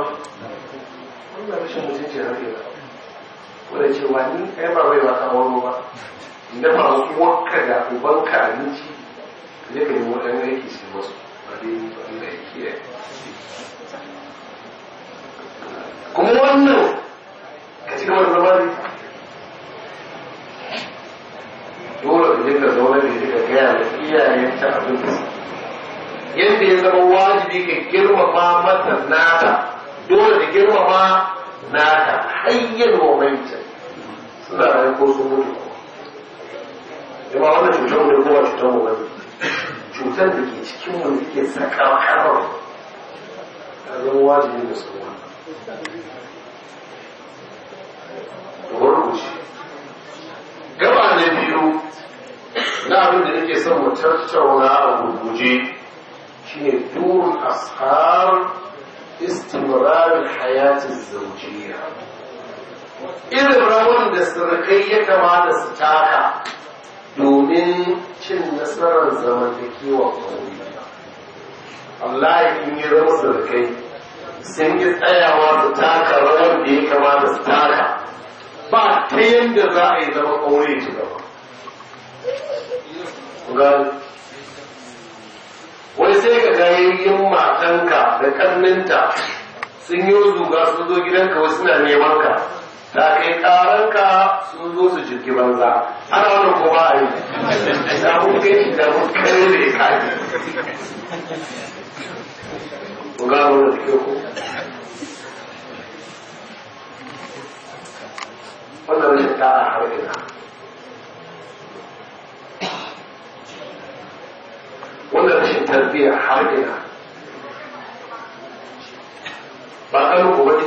wannan rashin wanda ce wa ni kai ba bai ba ka auro ba inda ba su wakka da ubanka abinci ne ka nemo ɗan aiki su wasu ba dai wanda ya kiyaye kuma wannan ka ci gaba da zama ne dole ka dinga zaune da dinga gaya da iyayen ta abin yadda ya zama wajibi ka girmama mata nata dole da girmama Na ta wa maitan suna rayu ko sun mutu jama'a wannan cutar mu ne ko ba cutar mu bane cutar da ke cikin mu ke saka haram a zama wajibi da su wani gaba na biyu na abin da nake son mu tattauna a gurguje shine dun asar. istimrarin hayatin zaujiya irin rawar da surukai ya kamata su taka domin cin nasarar zamantakewar kwalliya Allah ya yi zama surukai sun yi tsayawa su taka rawar da ya kamata su taka ba ta yadda za a yi zama aure ci gaba wai sai ka ga yayyin matanka da karninta sun yi ga sun zo gidanka wasu na neman ka da kai karanka sun zo su jirgi banza ana wannan ko ba a yi da mun kai da mun kare da kai ku ga wannan da ku wannan ne ta a na. tarbiyya har ina ba ɗan ku wani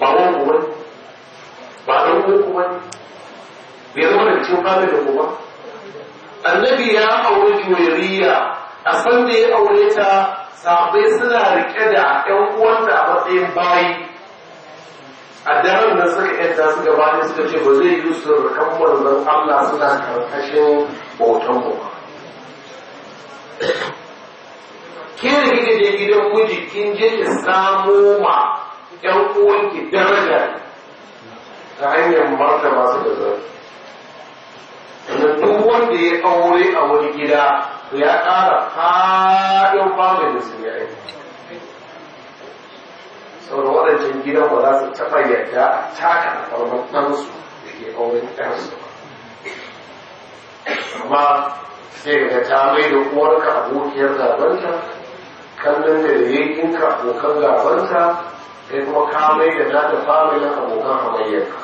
ba wani ku wani ba ɗan ku wani bai zama da cikin family da kuma annabi ya aure juriya a san da ya aure ta sabai suna rike da ƴan uwanta a matsayin bayi a daren nan suka yadda su gabanin suka ce ba zai yi su rikan manzon Allah suna karkashin bautan mu ba kin rike da gidan miji kin je ki samo ma ɗan uwanki daraja ta hanyar marta masu da zafi duk wanda ya aure a wani gida to ya ƙara faɗin familin su ya yi saboda waɗancan gidan ba za su taɓa yadda a taka na farman ɗansu da ke auren ɗansu amma sai ga ta mai da uwarka abokiyar gabanta kallon da ka abokan gabanta kai kuma ka mai da na da na abokan hamayyarka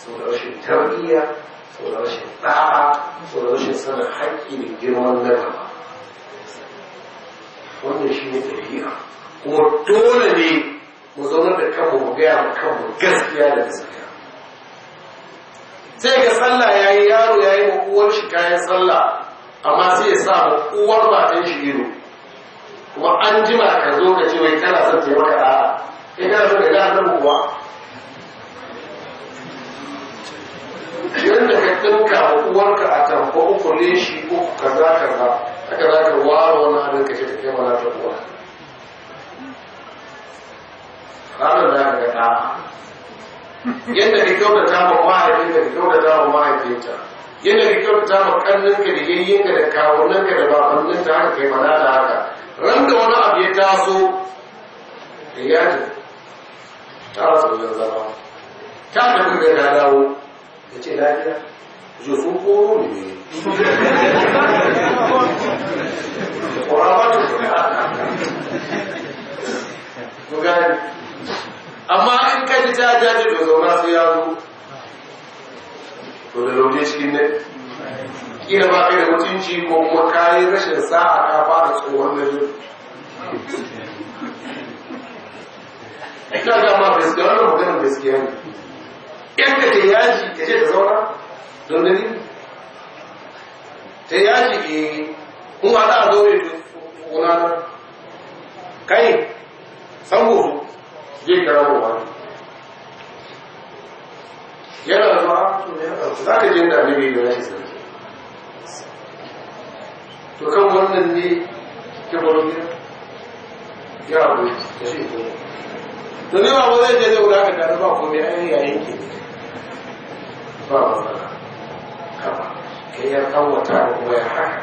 sau da rashin tarbiyya sau da rashin ɗa'a sau da rashin sanin haƙƙi da girman na gaba wannan shi ne ɗabi'a kuma dole ne mu zauna da kanmu mu gaya ma kanmu gaskiya da gaskiya sai ga sallah ya yi yaro ya yi uwar shi kayan sallah amma sai ya sa uwar matan shi ido kuma an jima ka zo ka ce wai kana son ta yi maka da'a in kana son ka ga nan kuwa yadda ka ɗauka wa uwarka a tamfa uku ne shi uku kaza kaza haka za ka ware wani abin ka ce ta kai mana ta uwa ranar za ka ga da'a yadda ka kyautata wa mahaifinka ka kyautata wa mahaifinta yana da kyau ta makanninka da yayyenka da kawunanka da babannin ta haka kai mana da haka ran da wani abu ya taso da yaji ta ta rasa wajen zama ta da tafi da ta dawo ta ce lafiya zo su koro ne ne amma in ka ji ta jaje da zauna sai ya zo to da cikin ne kila ba kai da mutunci ko kuma kayi rashin sa'a ka fara tsohon na zo ina ga gaskiya wannan maganar gaskiya ne in ka ke yaji ka je ka zauna don dalili ta yaji ke eh, kuma za a zaure da kuna kai san gobe zai karawa wani yana da ma'a za ka je da annabi ibrahim sarki to kan wannan ne ya abu shi ko to ne ba zai je zai da ba ko ki ba ba kama kai ya kawata kuma ya haka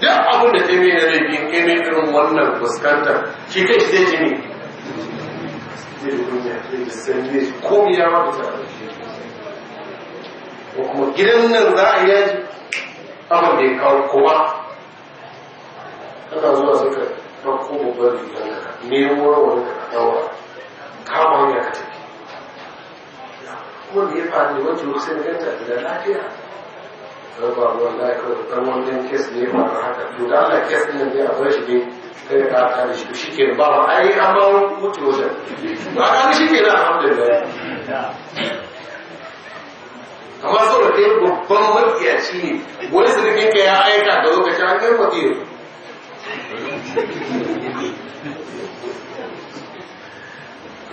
duk abin da kai mai irin wannan fuskanta shi kai shi zai jini zai rubuta zai ma ko kuma gidan nan za a yaji abin da ya kawo kowa kana zuwa suka ɗauko babban rigar ka nemo wani ka ɗaura kama ka tafi kuma da ya faru da wajen wasu na ganta da lafiya don ba ruwan da aka ɗan wannan kes ne ba a haka to da Allah kes ne a bar shi ne kai ka ta da shi shi ke ba ma ai an ba wuce wajen ba ka shi ke na alhamdulillah amma da kai babban mafiya matsiyaci ne wani sirrin ka ya aika da lokaci an kai matsi ne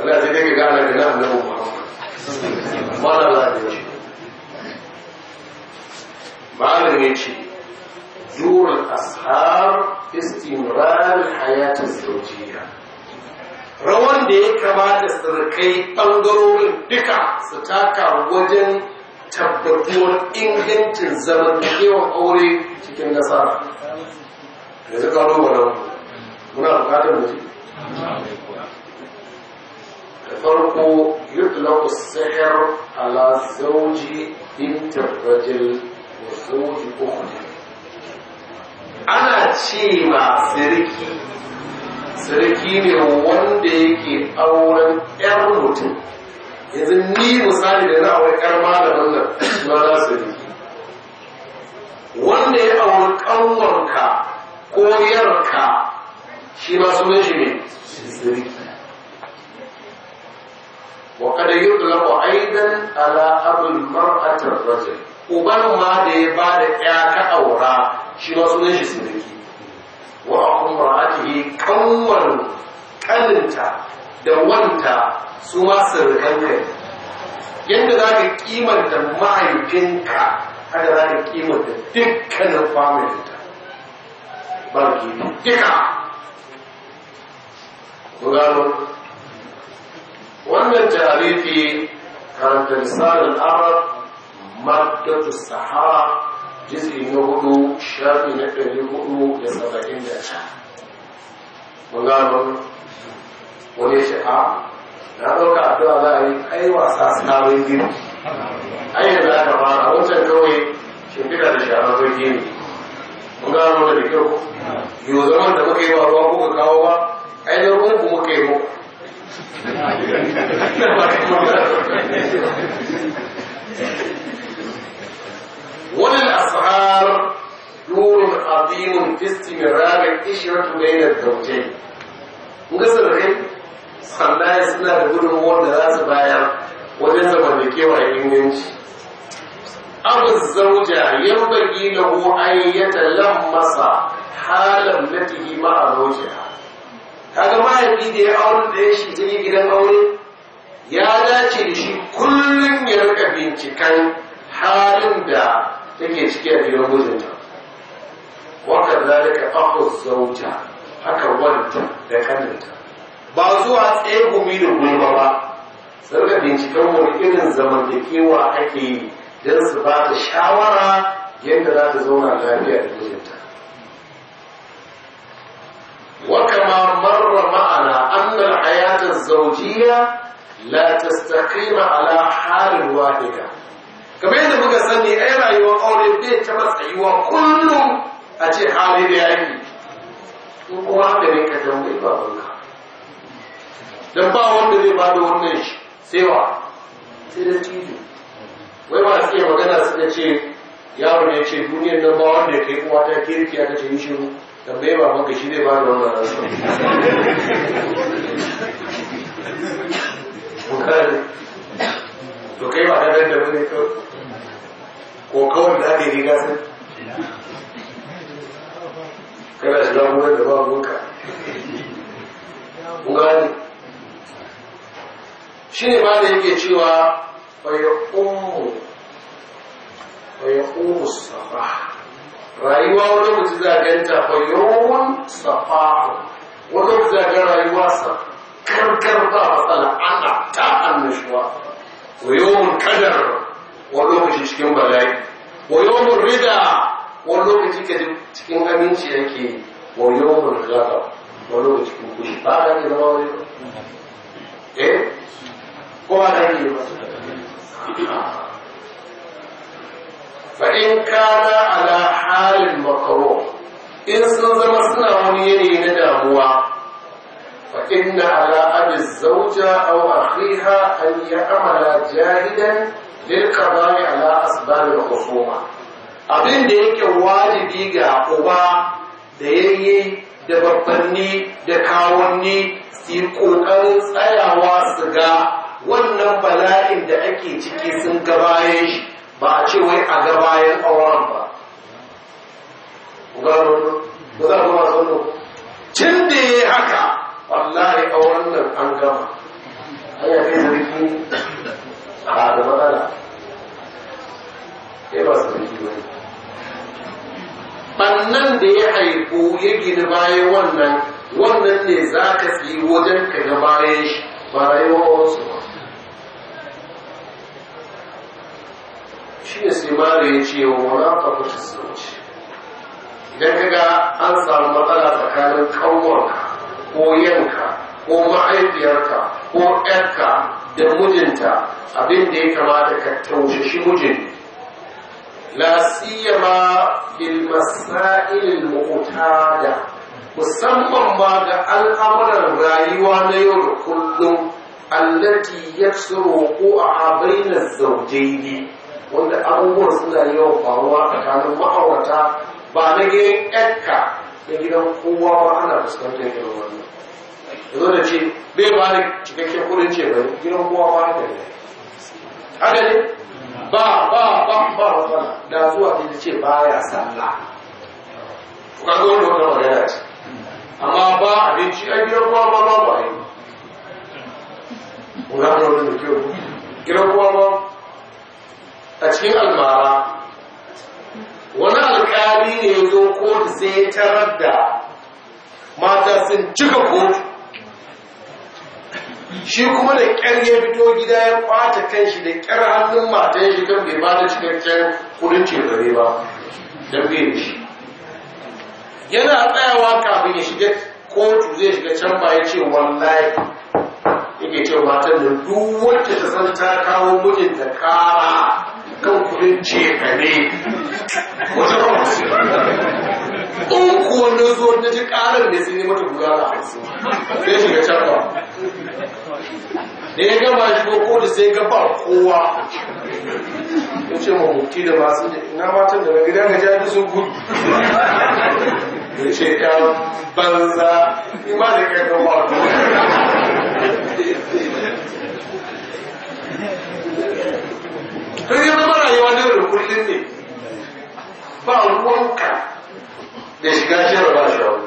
Allah sai kai ga Allah da nan da Muhammad ba da lafiya malam ya ce zuwan ashar istimrar hayatin saujiya rawan da ya kamata sirkai ɓangarorin duka su taka wajen tabbatuwar ingancin zaman yawan aure cikin da yanzu kawo ba nan muna buƙatar mutu da farko yutlaku sihir ala zauji bintar rajul wa zauji ukhti ana ce ma sirki sirki ne wanda yake auren 'yan mutum yanzu ni misali da yana aure kar malamin nan ma za su yi wanda ya auri ƙanwarka ko yarka shi ma ne shi ne wa kada yi lafa aidan ala abin mar'atar rajin uban ma da ya ba da ya aura shi ma ne shi sirki wa akun mar'atihi kanwar kaninta da wanta su ma surukan yadda za ka da mahaifinka haka za ka da dukkanin familinta ba ki duka ku gano wannan jarifi karanta lisanin arab maddatu sahara jizi na hudu shafi na ɗari hudu da saba'in da sha. Mun gano wani shi a na ɗauka addu'a za a yi ai wasa sabon gini ai yanzu aka fara wancan kawai shimfiɗa da shahararren gini mun gano da kyau yiwu zaman da muka yi ba ruwa kuka kawo ba ai da ruwan ku muka yi mu وللأسرار ya suna da gudun da za su bayar wajen zamantakewa inganci abu zauja yan bagi na an ya halar natihi ma a zauja kaga mahaifi da ya auri da ya shi jini gidan aure ya dace da shi kullum ya rika bincikan halin da take ciki a gudun ta wakar zalika akhuz zauja haka wanta da kaninta ba zuwa tsaye gumi da gulba ba sai binciken wani irin zamantakewa ake yi don su ba ta shawara yadda za ta zauna lafiya da mijinta wa kama marra ma'ana annal hayata zaujiya, la tastaqima ala halin wahida kamar yadda muka sani ai rayuwa aure taba ta wa kullum a ce hali da yi. ko kuma haka ne ka tambayi babanka don ba wanda zai ba da wannan shi sewa sai da cikin wai ba su iya magana su da ce yaro ne ce duniyar nan ba wanda kai kuma ta kirki ta ce yi shiru tambaye ba maka shi zai ba da wannan rasu bukari to kai ba kanar da wani kawai ko kawai riga sun kana shiga da muka shi ne ba da yake cewa bai umu bai umu safa rayuwa wani mutu zaganta bai yawon safa wani mutu zagar rayuwa sa karkar ba matsala a ta annashuwa wa yawon kadar wani lokaci cikin bala'i wa yawon rida wani lokaci cikin aminci yake wa yawon gaba wani lokaci cikin kushi ba a ne zama wani eh ko ba da yake ba fa in kana ala halin makaro in sun zama suna wani yanayi na damuwa fa inna ala abi zawja aw akhiha an ya'mala jahidan lil qada'i ala asbab al khusuma abin da yake wajibi ga uba da yayye da babbanni da kawunni su yi ƙoƙarin tsayawa su ga wannan bala'in da ake ciki sun gabayen shi ba a ce wai a gabayen auren ba gano ba za kuma zano cin da ya haka wallahi auren nan an gama hanyar kai zarki a da matsala ya ba su zarki wani Bannan da ya haiku ya gina bayan wannan wannan ne za ka siyi wajen ka gabayen shi ba rayuwar wasu ba mara ya ce wa wani sauci idan ka ga an samu matsala tsakanin kanwarka ko yanka ko mahaifiyarka ko yarka da mijinta abinda ya kamata ka taushe shi mijin la siyama bil masail da, musamman ba ga al'amuran rayuwa na yau da kullum allati yaksuru ko a bainar zaujaini wanda abubuwan suna yawan faruwa tsakanin ma'aurata ba na gidan yakka na gidan kowa ba ana fuskantar irin wannan da zo da ce bai ba da cikakken kudin ce bai gidan kowa ba da ne haka ne ba ba ba ba da zuwa ce sallah ga wani wata magana ce amma a gidan kowa ba a cikin almara wani alkali ne ya zo kotu sai ya tarar da mata sun cika kotu shi kuma da ƙyar ya fito gida ya ɓata kan shi da ƙyar hannun mata shi don bai bata cikakken kudin cefare ba don bai shi yana tsayawa kafin ya shiga kotu zai shiga can ba ya ce wallahi yake ce matan da duk wacce ta san ta kawo mijinta ƙara kan kudin cefane wata ba masu na zo karar ne sun yi mata guda sai shiga ba da ya shi ko da sai kowa ya ce masu matan da na gida ga jami sun gudu ya banza ba da sai ya zama rayuwa ne da kullum ne ba ruwanka da shiga shi ba shawo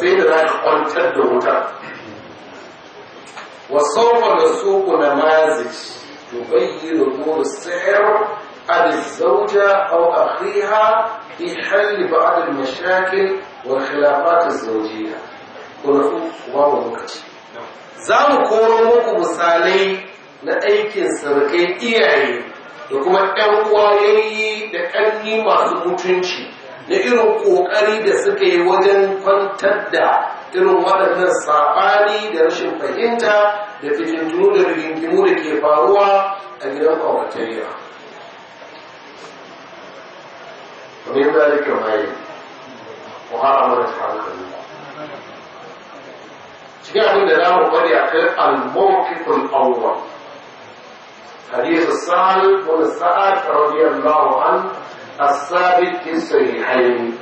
sai da za ka kwantar da wuta wasaufa da suku na mazici يغير نور السحر عن الزوجة أو أخيها في حل بعض المشاكل والخلافات الزوجية كنفو واو مكتي زام كورو مكو مسالي na aikin sarkai iyaye da kuma ɗan uwa da ƙarni masu mutunci na irin ƙoƙari da suka yi wajen kwantar da irin waɗannan saɓani da rashin fahimta da fitintunu da rigingimu da ke faruwa a gidan kwamfatariya. Kamar yadda da kyau mai, ku haɗa mana hankali. Cikin abin da za mu bari a kan al-mawqifin حديث السهل بن سعد رضي الله عنه الثابت في الصحيحين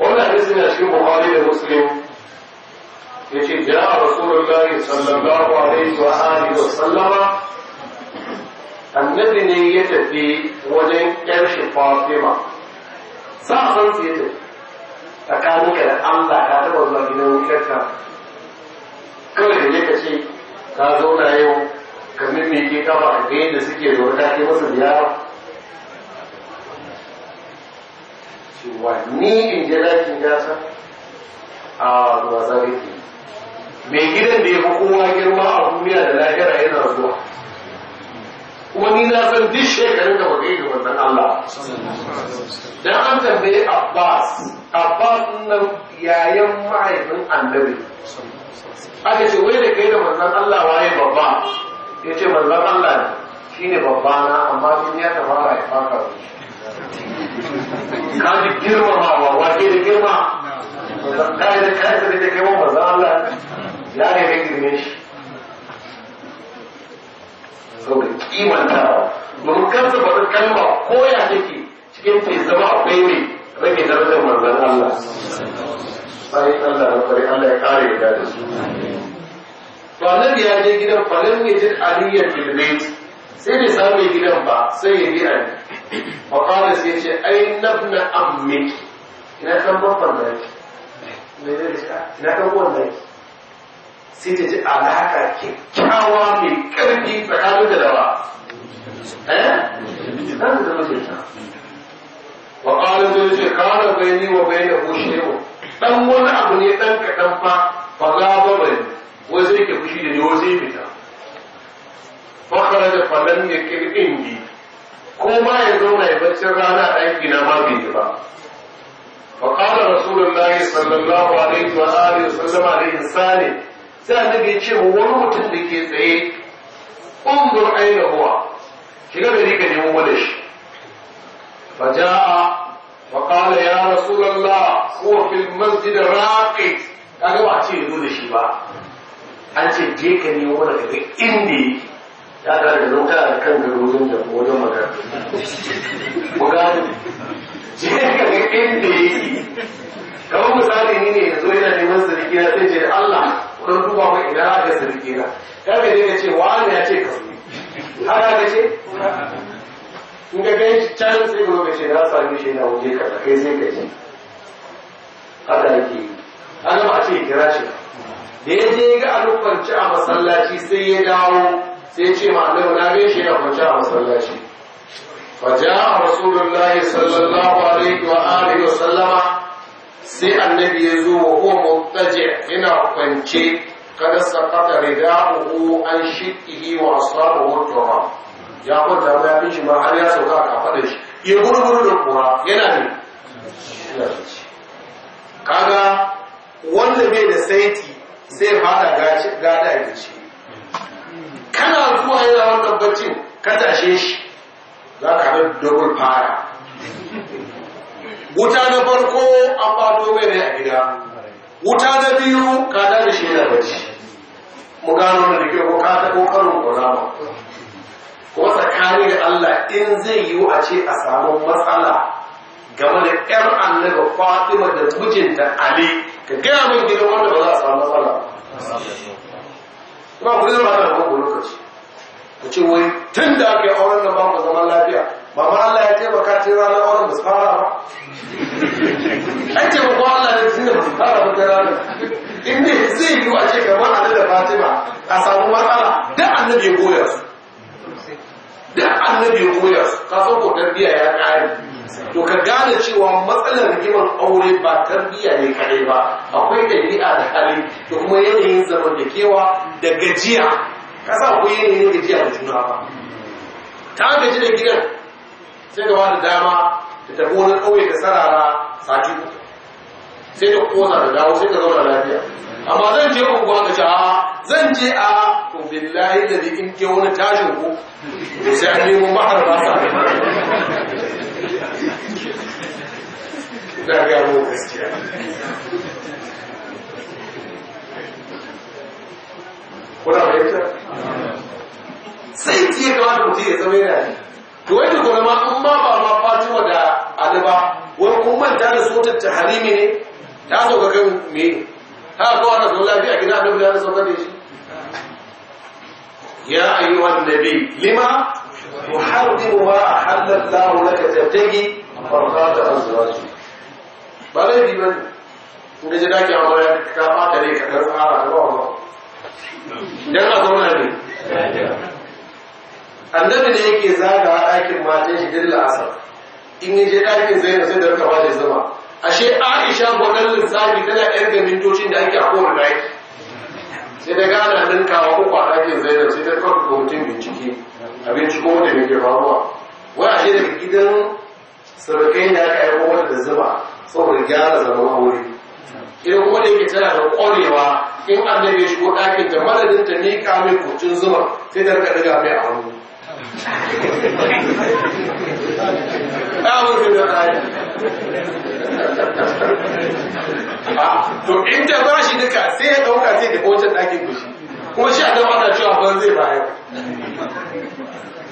قلنا حديثنا في البخاري ومسلم يجي جاء رسول الله صلى الله عليه وآله وسلم النبي نيته في وجه كرش فاطمة سأصل سيته tsakanin ka da Allah ka taɓa zuwa gidan wutarka kawai da ne ka ce ka zauna yau kamar mai ke kafa a kai da suke da wata ke masa ziyara cewa ni in je dakin gasa a zuwa zariki mai gidan da ya fi kowa girma a duniya da lahira yana zuwa kuma ni na san duk shekarun da baka yi ga wannan Allah dan an tambaye Abbas Abbas nan yayan mahaifin annabi aka ce wai da kai da manzon Allah waye babba ya ce manzan Allah ne shi ne na amma sun ya ta fara ya faka su ka ji wa wace da girma kai da kai da da kai manzan Allah ya ne da girme shi saboda kimantawa domin kansa bari kalma ko ya take cikin ta zama akwai ne rage darajar manzan Allah sai Allah ya kare ya da su to annabi ya je gidan falam ya jin aliyar filmet sai bai samu gidan ba sai ya bi ali wa qala sai ce ai na nabna ammiki ina kan babban da yake me zai rika ina kan uwan da yake sai ta ce alaka kyakkyawa mai karfi tsakanin da dawa eh dan da mijinta wa qala zai ce bai baini wa bainahu shay'un dan wani abu ne dan kaɗan fa fa ga ba bane Wai sai ke fushi da ni wani fita. Bakara da Falalu ya ƙi ƙin ɗin, ko ba ya zo mai barci rana aiki na mara biyu ba? Baƙata Rasulallah ya san lalawa da yanzu a tsarin sallama da yin tsari, za ta fahimci wani mutum da ke tsaye. Ƙungar a yi gahuwa, shiga da ni ka je mu gwada shi. Ba ja a, Baƙata ya Rasu lallai ko Filmin ƙidarraƙi, ta gabata ya zo da shi ba. an ce je ka nemo ka daga inda yake ya ka da zauka a kan garozin da wajen magana ku gano je ka ga inda yake kamar misali ni ne yanzu yana neman sarki na sai ce Allah kun duba mai ina aka sarki na kar ka je ka ce ne ya ce ka su har aka ce in ga kai can sai ka ce na sami shi na waje ka kai sai ka ji haka yake an ba ce kira shi da ya je ga alu a masallaci sai ya dawo sai ce ma annabi na gaishe ya kwanci a masallaci rasulun lahi sallallahu alaihi wa alihi wa sallama sai annabi ya zo wa kuma ɗaje yana kwance kada riga uku an ihi wa asabahu turab ya kwanta ya fi shi ma har ya sauka a kafadar shi ya gurguru da kuwa yana ne kaga wanda bai da saiti sai fara gada da ce kana zuwa yi wannan baccin ka tashe shi za ka haɗu dogon fara wuta na farko an bato mai mai a gida wuta na biyu ka da shi yana bacci mu gano da ke ko ka ko karin zama ko tsakani da Allah in zai yiwu a ce a samu matsala game da ‘yar annaba Fatima da mijinta Ali ka gaya min gidan wanda ba a samu ku tun da aka yi auren nan ba mu zaman lafiya ba ma Allah ya taimaka ce ranar auren ba su fara ba an taimako Allah ne tun da ba su fara ba ta ranar in zai yi a ce kamar da Fatima a samu matsala da annabi ya koya su da annabi ya koya su ka ko tarbiyya ya kare to ka gane cewa matsalar rigimar aure ba tarbiyya ne kadai ba akwai ɗabi'a da hali da kuma yanayin zamantakewa da gajiya kasa akwai yanayin gajiya da juna ba ta gaji da gidan sai gaba da dama da tafi wani ƙauye da sarara sati uku sai ta ƙona da dawo sai ka zauna lafiya amma zan je unguwa ka ta a zan je a to billahi da in ke wani tashin ku sai an nemo mahar ba sa na ga mu gaskiya kuna bayyana sai ke ga wani mutum ya zama yana ne to wai da gona ma in ma ba ma fatuwa da aliba wani kun manta da su ta harimi ne ta sauka kan me ha ko ana zo lafiya gida annabi da sauka da shi ya ayyuhan nabi lima tuharrimu ma ahalla Allah laka tabtagi farqata azwajik ba laifi ba ne inda ji daki a bayan ka fata ne ka karɓa a ba wa don a zauna ne annabi ne yake zaga ɗakin matan shi dilla asar in yi je ɗakin zai na sai da rika wajen zama ashe aisha gwanon lissafi tana ɗan gamin tocin da ake a kowane ɗaki sai da gana nan kawo uku a ɗakin zai na sai ta kawai kwamitin bincike abinci ko wanda ne ke faruwa wai ashe daga gidan sarkai ne aka aiko wanda da zama saboda gyara zama wuri idan kuma da yake tana da ƙwarewa in da ya shigo ɗakin da madadin ta nika mai kucin zuma sai da rika riga mai aro hannu ɗawon da ɗaya to in ta ba shi duka sai ya ɗauka sai da wancan ɗakin kushi kuma shi a ana cewa ban zai bayan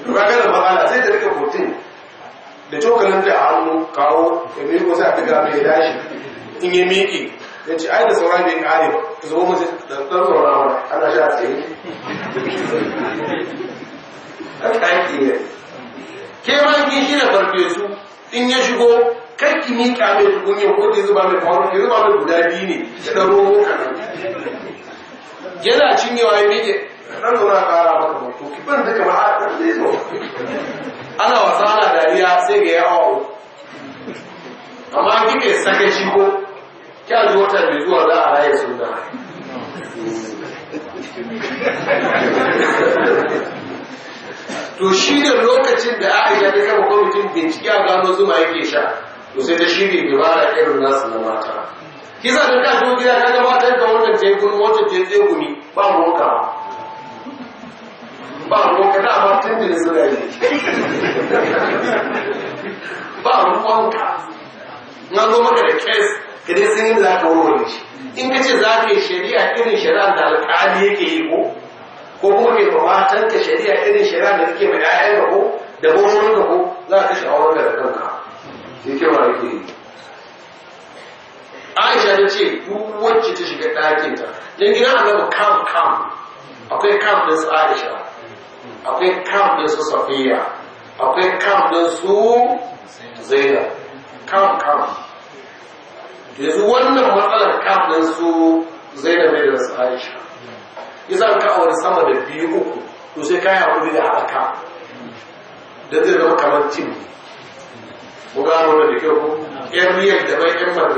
Ba ga da matsala sai ta rika kucin da cokalin da hannu kawo ya mai kusa a daga mai dashi in yi miƙe ya ce ai da sauran bai ƙare ba ta zo mace da ɗan sauran wani ana sha tsaye haka yake ne ke ma ki shi da farfesu in ya shigo kai ki miƙa mai tukunya ko ki zuba mai kwaro ki zuba mai guda biyu ne ki da roho kanan yana cinyewa ya miƙe ɗan zauna ƙara maka hoto ki ban duka ba a ɗan zai zo ana wasa ana dariya sai ga ya hau amma kike shi ko kya zo wata mai zuwa za a raye suna to shi da lokacin da aka aisha ta kama kwamitin bincike a gano zuma yake sha to sai ta shirya dubara irin nasu na mata kisa da ta gida ta gabatar da wannan tekun wata tekun ba mu ba ba ruwanka dama tun da suna yi ba ruwanka na zo maka da kes ka dai sun yi za ka warware shi in ka ce za ka yi shari'a irin shari'a da alƙali yake yi ko ko kuma ke matan ka shari'a irin shari'a da kake mai ƴaƴan ka ko da gwamnatin ka ko za ka shi a auren da kanka sai ke ma yake yi Aisha ta ce duk wacce ta shiga ɗakinta, don gidan annabi kam kam akwai kam ɗin Aisha akwai kam din su safiya akwai kam din su zainab kam kam yanzu wannan matsalar kam din su zainab da su aisha idan ka aure sama da biyu uku to sai kayan hakuri da haɗa kam da zai zama kamar cin mu gano da kyau ko yan miyar da bai yan marar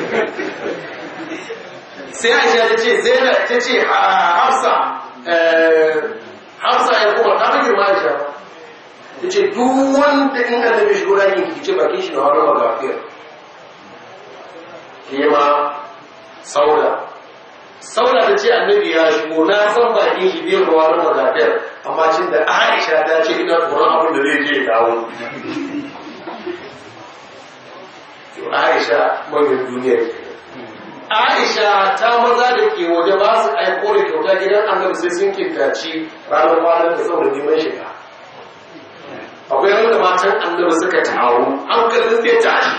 sai aisha ta ce zainab ta ce hamsa hamsa eh, ya kuma ta mai girma aisha ta ce duk wanda in annabi shigo gona yin ce bakin shi na wani magafiyar ke ma sauda sauda ta ce annabi ya shigo na san bakin shi biyan ruwa na magafiyar amma cin da aisha ta ce ina tsoron abin da zai je dawo aisha manyan duniya Aisha ta maza da ke waje ba su aiko da kyauta gidan annabi sai sun kintaci ranar kwanar da saboda neman shiga. Akwai wanda matan annabi suka taru, hankalin sai tashi.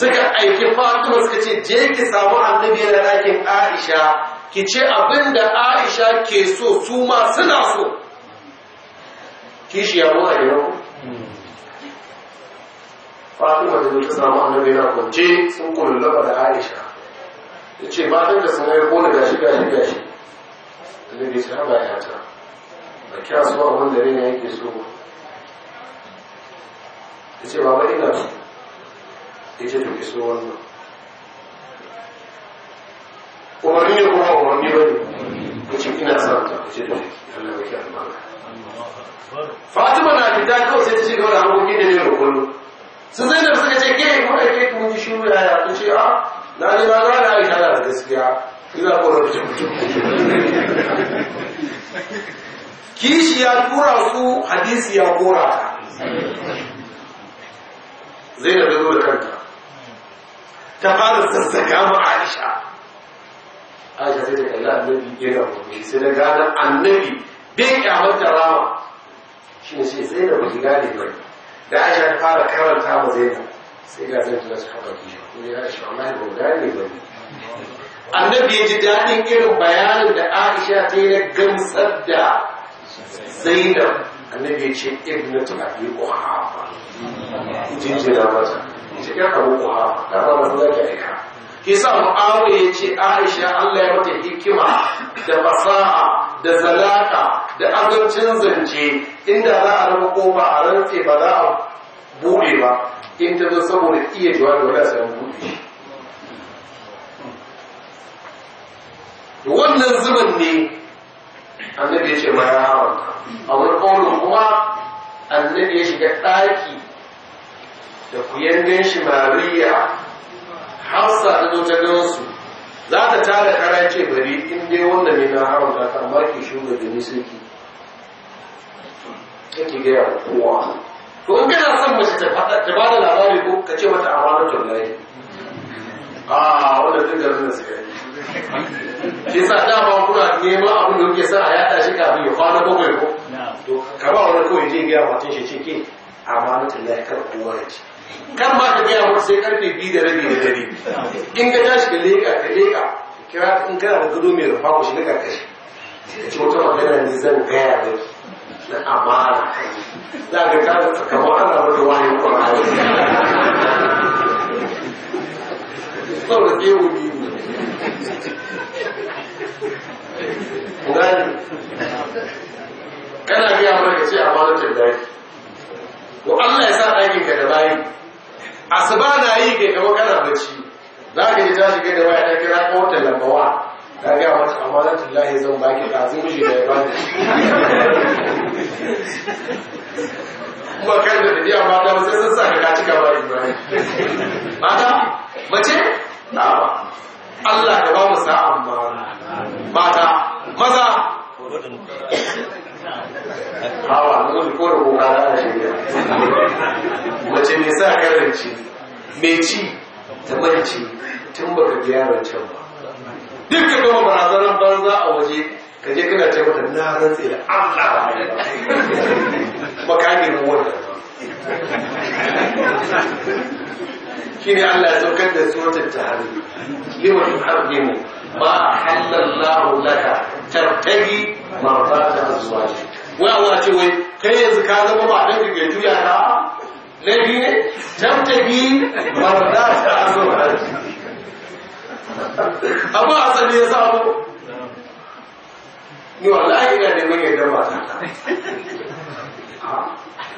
Suka aiki Fatima suka ce, je ki samu annabi yana dakin Aisha, ki ce abin da Aisha ke so su ma suna so. Kishi ya mu a yau. fatima da ta samu annabi na kwance sun kullaba da aisha ta ce ba matan da sun ko ni gashi gashi gashi annabi ta ba ya ta ba kya so abin da raina yake so ta ce ba baba ina so ya ce to ke so wannan umarni ne kuma umarni ba ne ta ce ina son ta ta ce to Allah ya ki albarka Fatima na fita kawai sai ta ce gaba da abokin da ne rukunin su da suka ce ke kuma ke kuma ji shi ya ya ce a ah, na ne ba za na yi na da gaskiya ina korafin mutum kishi ya tura su hadisi ya kura ta zai da zo da kanta ta fara sassaka ma aisha aisha sai da kalla annabi yana gobe sai da gane annabi bai kyawar ta rama shi ne sai da ki gane bane da aisha fara karanta mu zai na sai ga zai tuna su haɓa kishi ko ya aisha amma ba gane ba annabi ya ji daɗin irin bayanin da aisha ta yi na gamsar da zainab annabi ya ce ibnatu abi quhafa jinjira mata ce ya abu quhafa ta ba masu zaka aika kisa mu'awiya ya ce aisha Allah ya mata hikima da fasaha da zalaka da azancin zance inda za a rama kofa a rantse ba za a bude ba in ta zo saboda iya jawabi wala sai an bude wannan zuban ne annabi ya ce ma ya hawa, a wani ƙaunin kuma annabi ya shiga ɗaki da kuyan gan shi mariya hafsa da zo ta su. za ta tada kara ce bari in dai wanda ne na haramta ta amma ke shuga da ni sai ki kake gaya wa kowa to in kana son mace ta ba da labari ko ka ce mata amana to lai a ah, wanda duk garin da suka yi shi sa dama kuna neman abin da kuke sa a yada shi kafin ya kwana bakwai ko to ka ba wani kawai je gaya wa tun shi ce ke a to lai kar kowa ya ce kan ba ka gaya maka sai karfe biyu da rabi da dare in ka tashi ka leka ka leka kira in kana da gado mai rufa ko shi na karkashi ka ci wata magana ne zan gaya da na amana za ka kasa kamar ana wata wani kwan'ayi. sau da ke wuni ne kana gaya mana ka ce amana ta daki ko Allah ya sa ɗakin ka da bayi asuba na yi ke kama kana bacci za ka ji tashi kai da waya ta kira ko ta lambawa ta gaya wata amanatun lahi zan baki ta zai mishi da ya bani kuma kan da tafiya mata ba sai sun sa ka cika ba ibrahim mata mace na Allah da ba mu sa'an ba mata maza hawa mun ko da kuka na shirya sa karanci mai ci ta barci tun baka biya rancen ba duk ka gama barazanar banza a waje ka je kana ce mata na rantse da Allah makami ne mu shi ne Allah ya saukar da suratul tahrim liman harbimu ma halallahu laka tartabi marzata azwaji wai Allah ce wai kai yanzu ka zama ba dan ka juya ka na biyu ne tabtabi marzata azwaji amma asali ya samu ni wallahi ina da mai yadda ba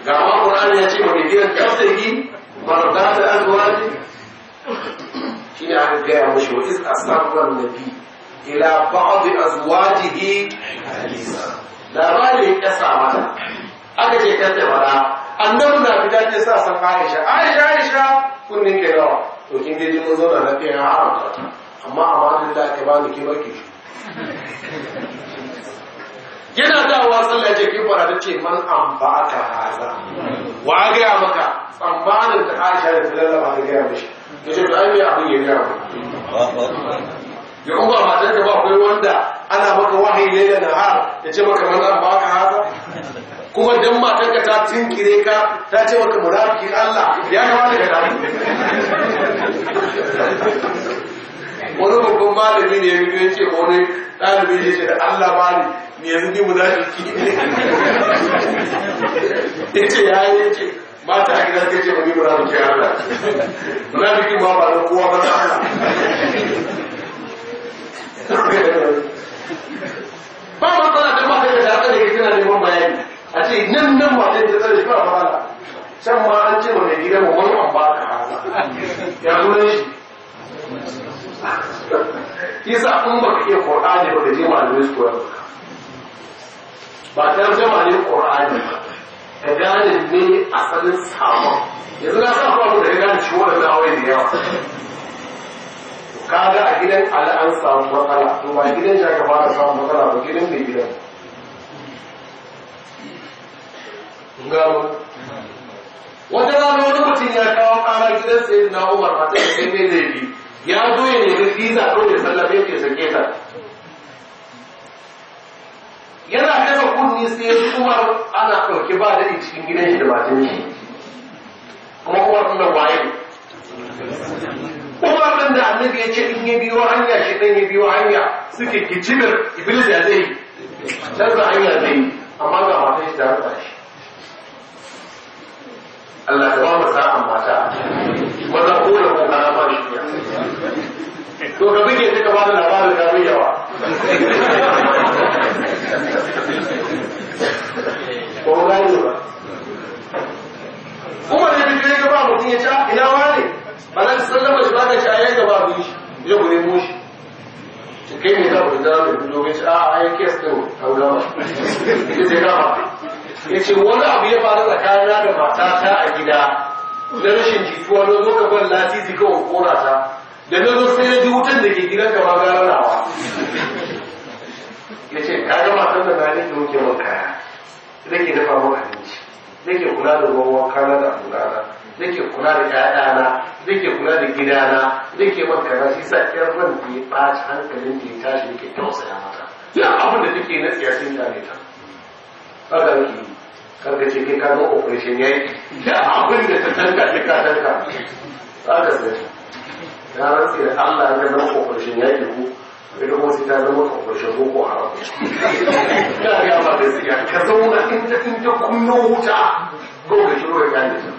ga ma Qur'ani ya ce ba ka gina tabtabi marzata azwaji shi ne aka gaya mashi wa is asabban nabi ila ba'di azwajihi da labarin ya sama mata aka ce ce bara annabi na fita ce sa san Aisha Aisha Aisha kunnin ke rawa to kin ji mun zo na kai na haramta amma amma da ke ba ni ki barki yana dawowa sallah ce ki fara tace man an ba ka haza wa ga maka tsammanin da Aisha da lallaba ta ga mishi to ce ai abin ya ga ya ba ta ka ba kai wanda ana maka wahayi laila na har ya ce maka mana ba ka haka kuma dan matar ka ta tinkire ka ta ce maka munafiki Allah ya kamata ka damu wani babban malami ne ya yi ya ce wani ɗalibi ya ce da Allah ba ne ne yanzu ni munafiki ne ya ce ya yi ce mata a gida zai ce ba ni munafiki Allah ki ba ba na kowa ba ta Allah ba matsala da mata da ta daga tana neman bayani a ce nan nan mata da tsare shi ba matsala can ma an ce mai gida mu wani an ka ya zo ne shi yasa kun ba ka iya qur'ani ba da je malamai su koyar ba tarjama ne qur'ani ba ka gane ne asalin sabon yanzu na sa ku da gane ciwo da zawai da yawa kaga a gidan ala an samu matsala to ba gidan shi aka fara samun matsala ba gidan da gidan wata rana wani mutum ya kawo kara gidan sai na umar ba sai sai mai zai bi ya zo ya nemi fiza ko ya sallabe ke sake ta yana kasa kudi sai umar ana ɗauki ba da cikin gidan shi da matan shi kuma umar ɗin da waye kuma ɗan da annabi ya ce in ya biyo hanya shi ɗan ya biyo hanya suke gijimir iblis ya zai canza hanya zai amma ga mata shi tare da shi Allah ya ba mu sa'an mata maza ko da ko kana ba shi to ka bige ta ka ba da labarin da mai yawa ko gani ba kuma da bige ka ba mutum ya sha ah, ina wani ba za ka sallama shi ba ka ci a yanka ba abin shi ya ku nemo shi ta kai ne za ku da zama da dogon ci a a ya kiyas ɗin haula ba ya ce kama ya ce wani abu ya faru tsakanina da matata a gida na rashin jituwa don muka ban lasisi kawai kora ta da na zo sai na ji wutan da ke gidan ka ba gara nawa ya ce ka ga matan da na nake muke man kaya ke dafa mun abinci nake kula da ruwan wanka na da abu na na nake kula da na. zai kula da gidana zai ke man kaza shi sa ƴar ran da ya ɓaci hankalin da ya tashi yake tausaya mata ya abin da take na siyasin da ne ta haka yake yi karka ce kai ka zo operation yayi ya abin da ta tanka ta ka tanka haka sai ta sai da Allah ya zama operation yayi ku ita kuma sai ta zama operation ko ko haram ya ga ba sai ya ka zauna in ta in ta kunno wuta ko da shi ruwa ya kanta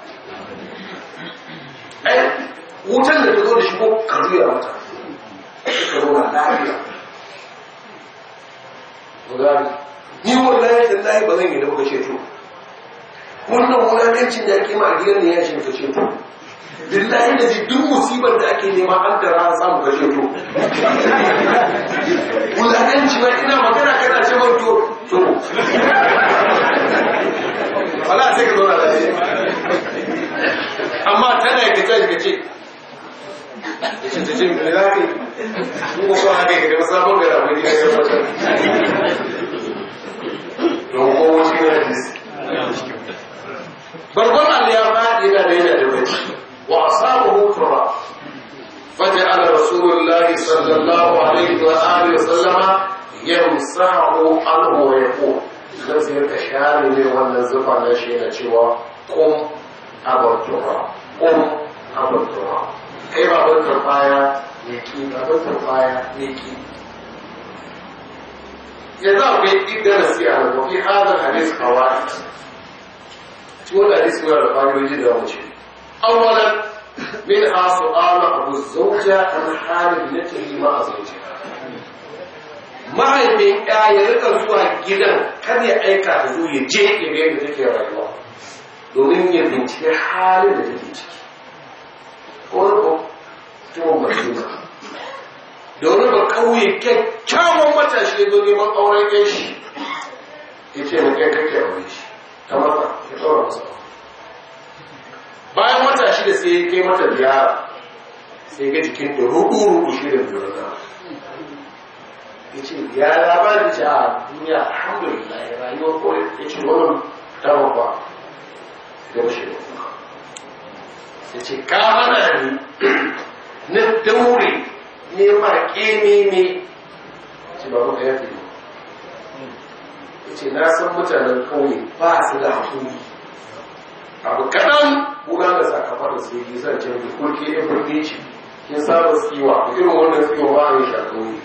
ai eh, wutan da ta zo da shi ko ka juya mata ka na lafiya gudari ni wallahi tallahi ba zan yi da muka ce to wannan wulalancin da ake ma a gidan ne ya ce muka ce to billahi da duk musibar da ake nema an da ran samu ka ce to wulalanci ma ina magana kana ce man to to wala sai ka zauna lafiya amma tana ka ta ka ce ya ce ta ce mai za mun ko kuma haka ka sabon gara wani ne ya wata don kowa cikin hadis ya faɗi yana da yana da wani wa asabu hutura ala رسول sallallahu صلى الله عليه وآله وسلم يمسحه عنه ويقول zai ka share ne wannan zufa na shi cewa kun abin turba ƙoro abin turba kai babin turbaya ne ki babin turbaya ne ki yanzu akwai ƙin darasi a rubuki hazan hadis kawai cikin hadis kuma da fa'idoji da wuce awalan min ha su'ala abu zauja an halin na tafi ma a zauja mahaifin ya rika zuwa gidan kada ya aika ta zo ya je ya ga da take rayuwa domin ya bincike halin da take ciki ko mutumin ko domin ba kauye kyakkyawan matashi ya zo neman auren yan shi ya ce mai kai kake aure shi ta mata ya tsora masa bayan matashi da sai ya kai mata ziyara sai ga jikin da rubu-rubu shi da zurna ya ce ya labarin ce a ah, duniya alhamdulillah ya rayuwa kawai ya ce wani yaushe ya ce ka ni na daure ne ma ne ne ce ba muka ne ya ce na san mutanen kawai ba su da hakuri abu kaɗan kuma da sakamakon su yi zan canji ko kurke ya burge ce. kin saba tsiwa irin wannan tsiwa ba ne shakoni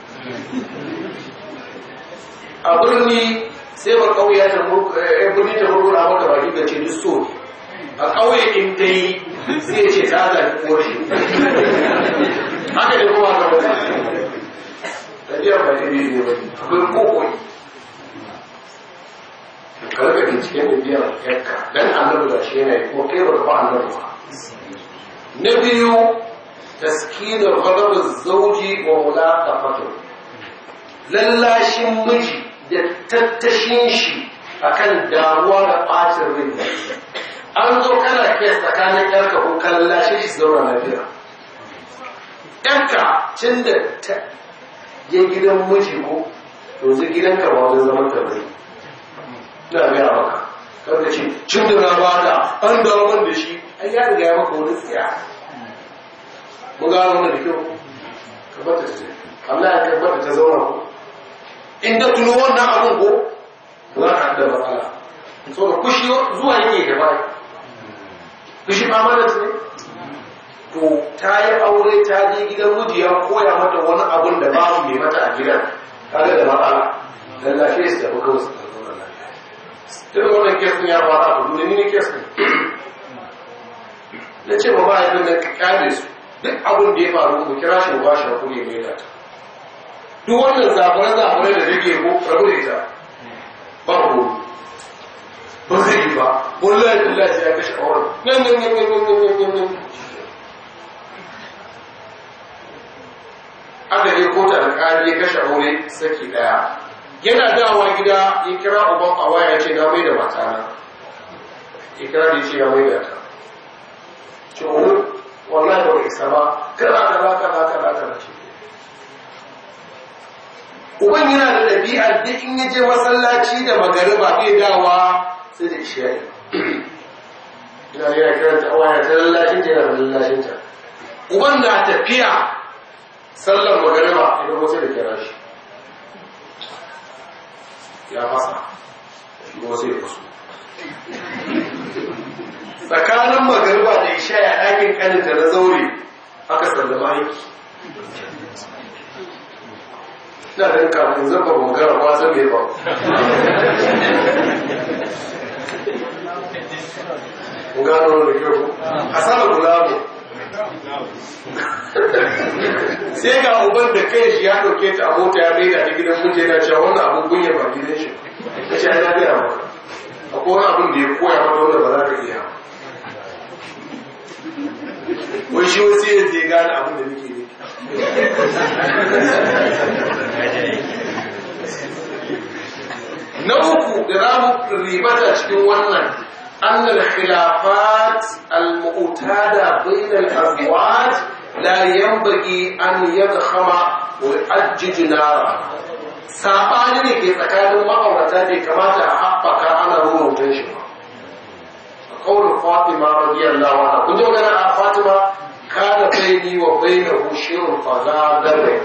a birni sai ba kawai ya eh, ta burge ta burge maka da ce duk so a ƙauye in dai sai ce ta zafi kore haka da kowa na wata tafiyar ba ta biyu ne akwai kokoi ka da bincike da biyar yakka dan annabi da shi yanayi ko kai ba ko annabi ba na biyu taskinin ghadabin zauji wa mulaqafatu lallashin miji da tattashin shi akan damuwa da ɓacin rai an zo kana kes tsakanin yarka ko kan lashe shi zaura lafiya yarka cin da ta yi gidan miji ko yanzu gidanka ba wani zaman ka bai na a maka karka ce cin da na bada an da wani da shi an ya riga ya maka wani tsiya mun gano wani da kyau ka bata ta ce Allah ya kai bata ta zauna ko in da tuno wannan abin ko za ka haɗa matsala so da kushi zuwa yake bai to shi ma mana ne to ta yi aure ta je gidan miji ya koya mata wani abun da babu mai mata a gidan kaga da matsala dan shi su tafi kawai su tafi wannan lafiya irin wannan kesin ya fara a duniya ni ne kesin na ce ba mahaifin nan ka kyale su duk abin da ya faru mu kira shi ba shi hakuri mai da duk wannan zafare zafare da zai ko rabu da ita ba ku ba zai yi ba wallahi wallahi sai ya kashe auren nan nan nan nan nan nan nan kota da ƙari ya kashe aure saki ɗaya yana dawa gida ya kira uban a ya ce na mai da mata na ya kira da ya ce ya mai da ta ce o oh, wallahi ba mai sama kana da baka na kana kana ce uban yana da ɗabi'ar duk in ya je masallaci da magariba bai dawa sai da ishiya ishiyayi ina yana karanta awa yana ta lallashin ta yana da lallashin ta uban na tafiya sallan magaraba idan wasu da kira shi ya fasa shi wasu ya fasu tsakanin magarba da isha ya ɗakin ƙanin na zaure aka sallama yake na ɗan kamun zaba magana ba zan mai ba gano da kyau a sama gulamu sai ga uban da kai shi ya dauke ta a mota ya mai da gidan na cewa wannan abun gunya ba gidan shi ta ce ya biya ba a kowane abin da ya koya mata wanda ba za ka iya wai shi wasu yanzu ya gane abin da nake ne na uku da za mu ribata cikin wannan annal khilafat al-mu'tada bayna al-azwaj la yanbaghi an yadkhama wa ajjij nara sabani ne ke tsakanin ma'aurata ne kamata a haɓaka ana rubutun shi قول فاطمة رضي الله عنها كنت أقول أنا فاطمة كان بيني وبينه شير فلا درني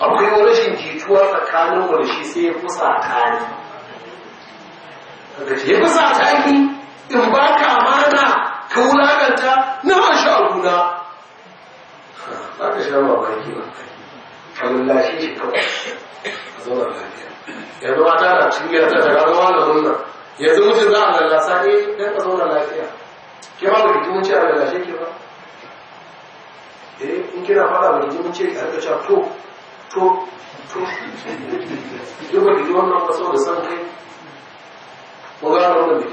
أبقي ورشن جيتوا فكانوا ورشي سيفو ساكاني ya fi sa ta yi in ba ka amana ka wulakanta na harshe shi guna za ka sha mamaki ba kamun lashe shi kawai a zama lafiya yanzu ma ta da cikin yadda ta gano wani hunna yanzu mutum za a lalasa ne eh, don ka zauna lafiya ke ba ku mun ce a lalashe ke ba eh in kina fada ba mun ce a rika cewa to to to duk ba ki wannan ba da san kai ko gano wannan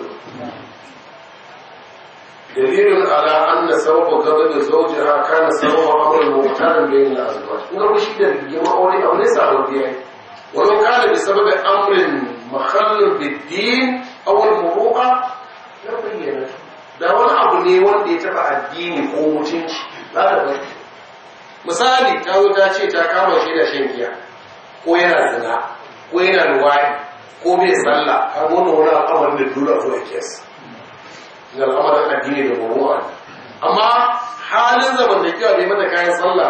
da dalilin ala anna sababa gaba da zawjiha kana sababa amrin muhtarin bayin al-azwaj kuma ko shi da rigima aure aure sabon biya walau kana wani sababi amrin makhallin bid-din aw al-muruqa la bayyana da wani abu ne wanda ya taba addini ko mutunci Ba da bari misali ta zo ta ce ta kama shi da shan giya ko yana zina ko yana luwadi ko bai tsalla har wani wani alamar da dole zuwa kes da al'amarin addini da muruwa ne amma halin zaman da kewa bai mata kayan tsalla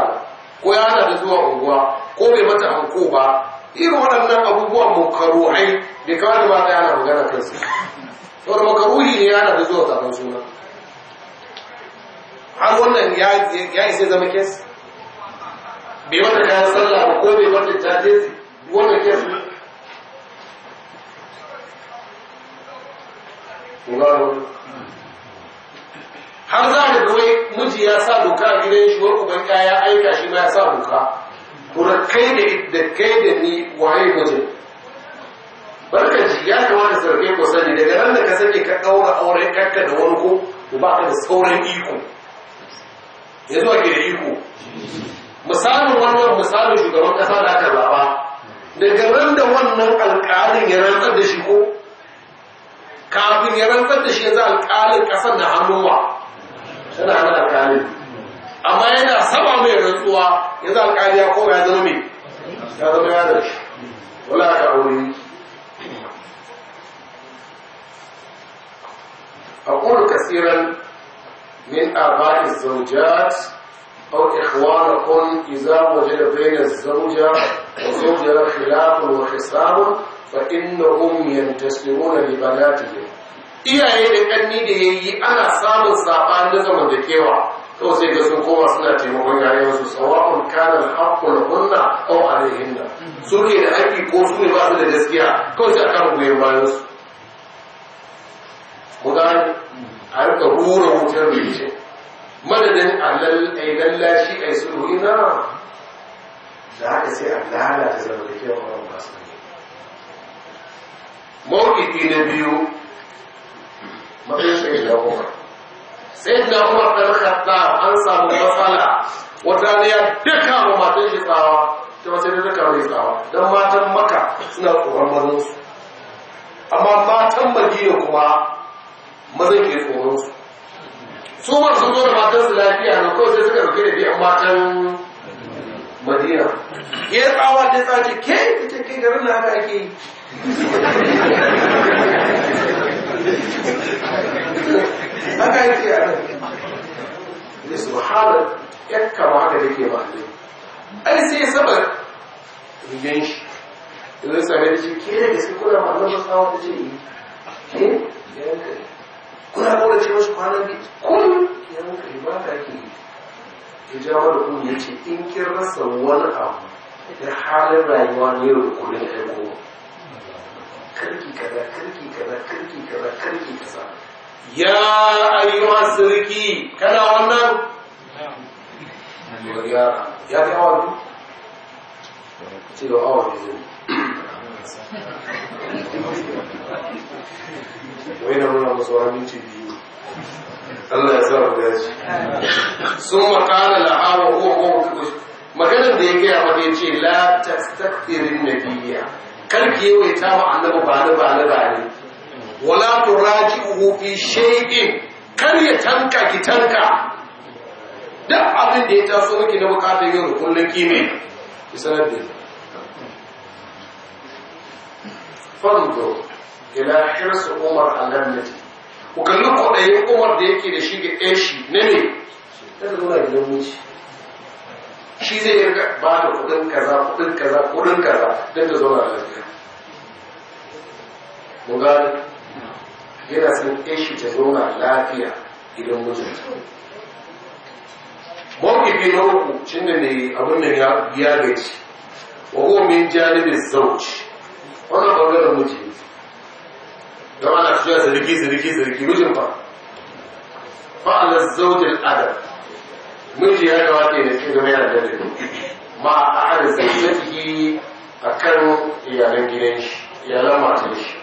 ko ya hana da zuwa unguwa ko bai mata hanko ba irin waɗannan abubuwan mukaruhai bai kawai ba ta yana magana kansu saboda makaruhi ne yana da zuwa zaben suna har wannan ya isa zama kes bai mata kayan tsalla ba ko bai mata jajezi? wannan kes har za da kawai miji ya sa doka a gidan shi wani kuma ya aika shi ma ya sa doka kuma kai da kai da ni waye mijin barka ji ya kamata sarfe ko sani daga nan da ka sani ka ɗaura auren kanka da wani ko ba ka da sauran iko ya zuwa ke da iko misalin wannan misalin shugaban ƙasa da aka zaɓa daga nan da wannan alƙalin ya rantsar da shi ko kafin ya rantsar da shi yanzu alƙalin ƙasar da hannuwa suna hannun alƙalin amma yana saba mai rantsuwa yanzu alƙali ya koma ya zama mai ya zama ya da shi wala ka wuri أقول كثيرا من آباء الزوجات أو إخوانكم إذا وجد بين الزوجة وزوجها خلاف وخصام fa innahum yantaslimuna li banatihim iyaye da kanni da yayi ana samun sabani na kewa. to sai ga sun koma suna taimakon yayin su sawa'un kana haqqul hunna aw alaihinna su ne da haƙi ko su ne ba su da gaskiya kawai sai aka goyen bayan su ku gani a rika rura wutar da rikice madadin alal ai lallashi ai sulhu ina za ka sai a lalata zamantakewa ba su mawuƙi na biyu matsayin sai da umar sai da umar da kaɗa an samu matsala wata ne ya duka wa matan shi tsawa ta wasu ne duka wa tsawa don matan maka suna tsoron mazansu amma matan magiya kuma mazan ke tsoron su su zo da matansu lafiya na kawai sai suka ɗauke da biyan matan madina yar awa ta tsace ke ita ke garin na haka ake yi haka yake a nan ya su halar ya kama haka da ke mahalli ai sai saba rigen shi idan sami da ce ke da gaske kuna ma'anar masawa da ce eh. yi kuna kuna da ce masu kwanan bi kun ke yankari ba ta ke yi ya da kuma ya ce in kin rasa wani abu da halin rayuwa ne yau da kullum ɗaya ko karki kaza karki kaza karki kaza karki kaza ya ayyuha sirki kana wannan ya ya kai awa ce da awa biyu zai (laughs) wai na nuna masu wani minti biyu Allah ya sa mu dace sun makana laha ko ko mawqif maganar da ya gaya mata ce la tastakthirin nabiyya kar ki yawaita ma annabi ba ni ba ni ba ni wala turaji'uhu fi shay'in kar ya tanka ki tanka duk abin da ya taso miki na bukatar yin rukunin kime ki sanar da fanzo حرص عمر umar annabiyya ku kalli kwaɗayin umar da yake da shi ga ɗan na ne shi zai yi ba da kudin kaza kudin kaza kudin kaza don da zama da lafiya mu gani yana san ɗan shi ta zama lafiya idan mijin mawkifi na uku cin da ne abin da ya gaji wa gomin janibin zauci wani ɓangaren mijin don ana cewa siriki siriki siriki mijin fa fa'ala zaujin adam miji ya gawata ya ce zama yana da ma a ada zaujaki a iyalan gidan shi iyalan shi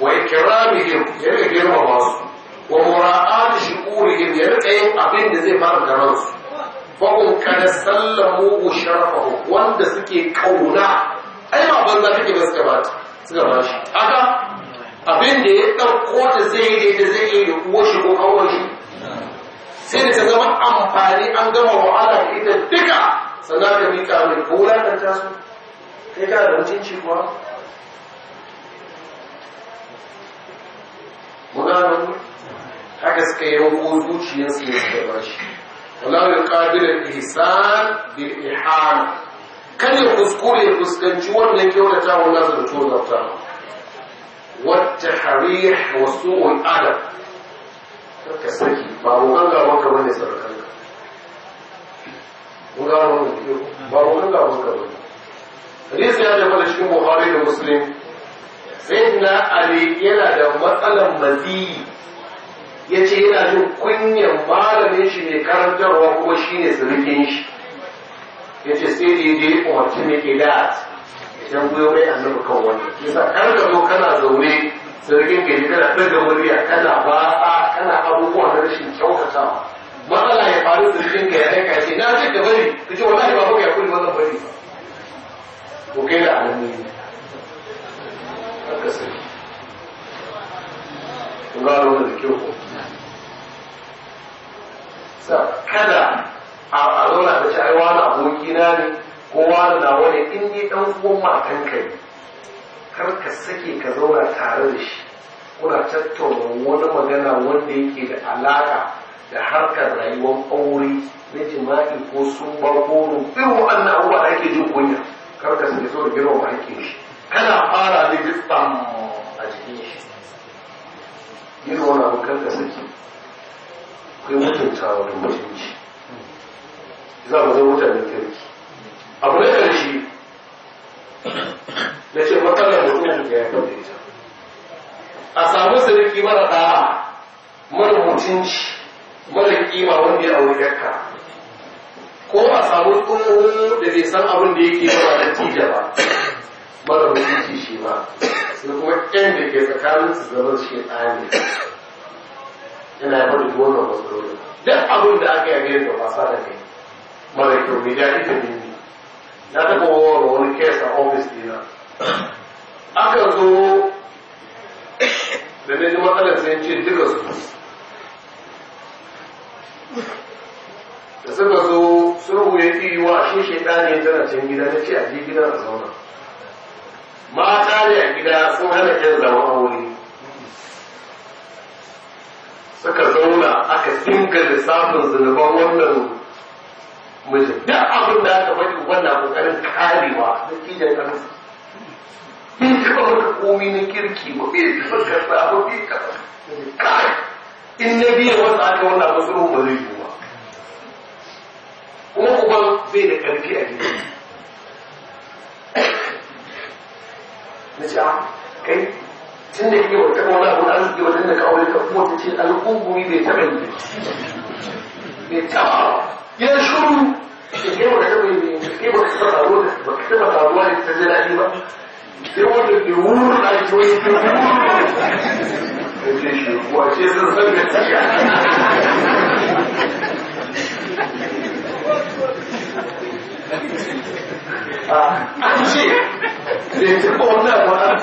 wa ikramihim ya rika girmama su wa mura'at shukurihim ya rika yin abin da zai fara garan su fa kun kada sallamu sharafahu wanda suke kauna ai ba banza take ba suka ba abin da ya ɗauko ta zai yi da zai yi da kuwa shi ko kawai shi sai da ta zama amfani an gama wa'ala da ita duka sannan ka mika mai ko wulaƙanta su kai ka da mutunci kuwa mugano haka suka yanko zuciyarsu ne suka ba shi wallahu ya ƙabilar ihsan bil ihana kan ya kuskure fuskanci wannan kyautata wannan na zartawa والتحريح وسوء الأدب كسكي بابو أنغا وانك واني سرقانك أنغا وانك بابو أنغا وانك واني حديث يا جمال الشيخ بخاري ومسلم سيدنا علي يلا da matsalan mazi ya yana jin kunyan malamin shi ne karantarwa kuma shine ne sirikin shi yace sai da ya je umarci mai ilat yan goyo mai annabi kan wannan kisa kar ka zo kana zaune sarkin gari kana ɗaga murya kana ba'a kana abubuwa na rashin kyautatawa matsala ya faru sarkin ka ya aika ce na ce ka bari ka ce wallahi ba kuka ya kuri wannan bari ba to kai da alamu ne haka sarki kun gano wannan da kyau ko kada a zauna da ci aiwa na abokina ne kowa na wani in yi ɗan uwan matan kai, kar ka sake ka zauna tare da shi kuna tattauna wani magana wanda yake da alaka da harkar rayuwar aure na jima'i ko sun bar goro irin wannan abubuwa da ake jin kunya kar ka sake so da girma hakkin shi kana fara da jisbam a jikin shi yin wani abu kar ka sake kai mutunta wani mutunci za mu zama mutane kirki abu na ƙarshe na ce matsalar da kuma ya fi da ita a samu sarki mara ɗaya mara mutunci mara kima wanda ya auri yakka ko a samu tsoho da zai san abin da yake yawa da tija ba mara mutunci shi ba sai kuma ƙyan da ke tsakanin su zama shi tsani yana yabar da wannan matsalolin duk abin da aka yi a da wasa da kai mara kyau mai daɗi da na taɓa wawar wani kes a ofis dina aka zo da na ji matsalar sai ce duka su da suka zo sulhu ya fi yiwa shi shaidani tana can gida na ce a je gida a zauna mata ne a gida sun hana yan zama aure suka zauna aka dinga lissafin zunuban wannan mijin duk abin da aka bari uban na kokarin karewa da kijan kansa bai taɓa maka komi na kirki ba bai taɓa karɓa ba bai taɓa kai in na biya wasu aka wannan ba tsoro ba zai yiwu ba kuma uban bai da ƙarfi a gida na ce ah, kai tun da iya wata wani abu na arziki wajen da ka aure ka kuma ta ce alƙungumi bai taɓa yi bai taɓa يشوف الجيم والحلوة الجيم والحلوة وكتبة الله التزرع دي بقى يقول الجمهور الأيتوي الجمهور وأسير الفجر التجع أمشي ليتبقوا الله وأنا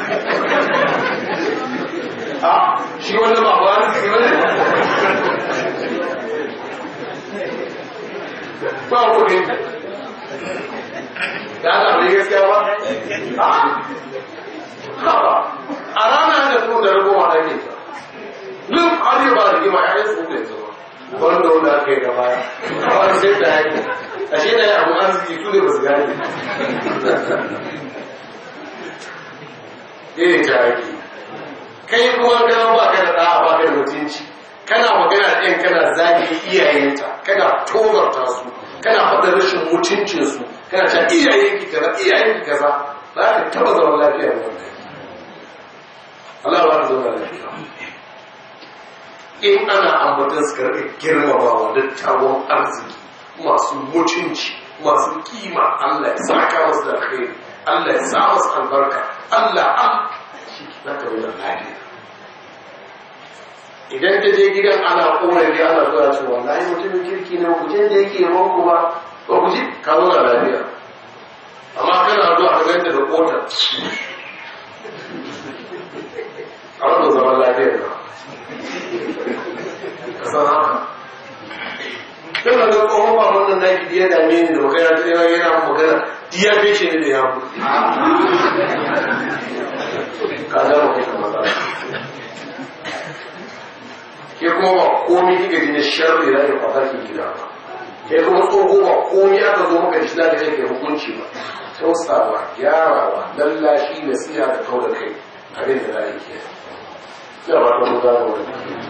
أه شي ولا ما أخبارك ba ku ne da ana mai gaskiya ba a ranar da su da ke an yi yi a sai da yaki a shi da abu su ne gani eh, ta kai kuma ganin ba ka da ba ka da mutunci kana magana da ɗayan kana zagi iyayenta kana tozarta su kana faɗa rashin mutuncin mutuncinsu kana iyayen iyayenki kaza iyayenki kaza za ka taba zaman lafiya ba wannan Allah ba zama lafiya in ana ambatan su karɓi girmamawa dattawan arziki masu mutunci masu kima Allah ya saka masu da alkhairi Allah ya sa masu albarka Allah an shi na kawai da lafiya idan ta je gidan ana korafi ana zuwa ce wallahi mutumin kirki na mutum da yake yawan ku ba ba na lafiya amma kana zuwa a da a wanda zaman lafiyar ba ka haka don na zai ba wannan na ya dame da ta yana yana magana ne da ka zama ke kuma ba komai kika ji na sharri za ki kwasa ki gida ba ke kuma tsoho ba komi aka zo maka shi za ka hukunci ba tausawa gyarawa lallashi da siya da kau da kai abin da za ke ya ba ta mutu da wani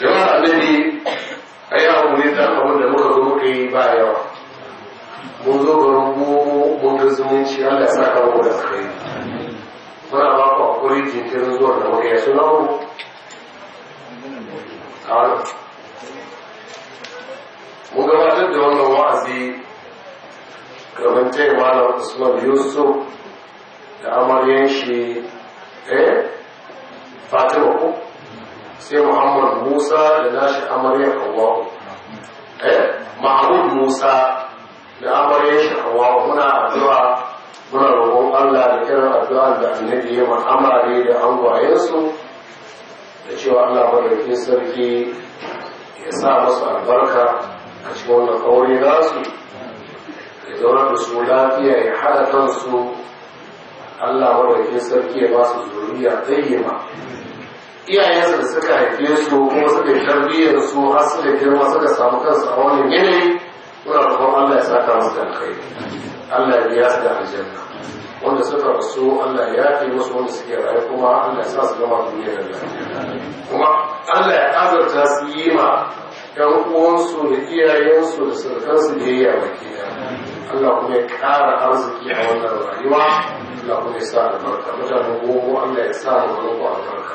jama'a annabi ai abu ne ta abin da muka zo muka yi ba yawa mun zo ga gomo mun da zumunci allah ya saka mu da kai muna ba ku hakuri jinkirin zuwa da muka yi suna mu a mu gabatar da wannan wa'azi kamar taya malam usman yusuf da amaryan shi eh fatima ko sai muhammad musa da nashi amaryan hawa eh mahmud musa da amaryan shi hawa muna addu'a muna roƙon allah da irin addu'a da annabi ya ma'amare da angwayensu da cewa Allah madaukakin sarki ya sa masu albarka a cikin wannan aure su ya zaura da su lafiya ya hada kansu Allah madaukakin sarki ya ba su zuriya tayyima iyayensu da suka haife su kuma suka yi tarbiyyar su har da girma suka samu kansu a wannan yanayi muna kuma Allah ya saka musu da Allah ya biya su da aljanna wanda suka rasu Allah ya fi musu wanda suke rayu kuma Allah ya sa su gama duniyar da kuma Allah ya azarta su yi ma ɗan uwansu da iyayensu da surukansu da yayya baki Allah kuma ya ƙara arziki a wannan rayuwa Allah kuma ya sa albarka mutanen gogo Allah ya sa mu garin ku albarka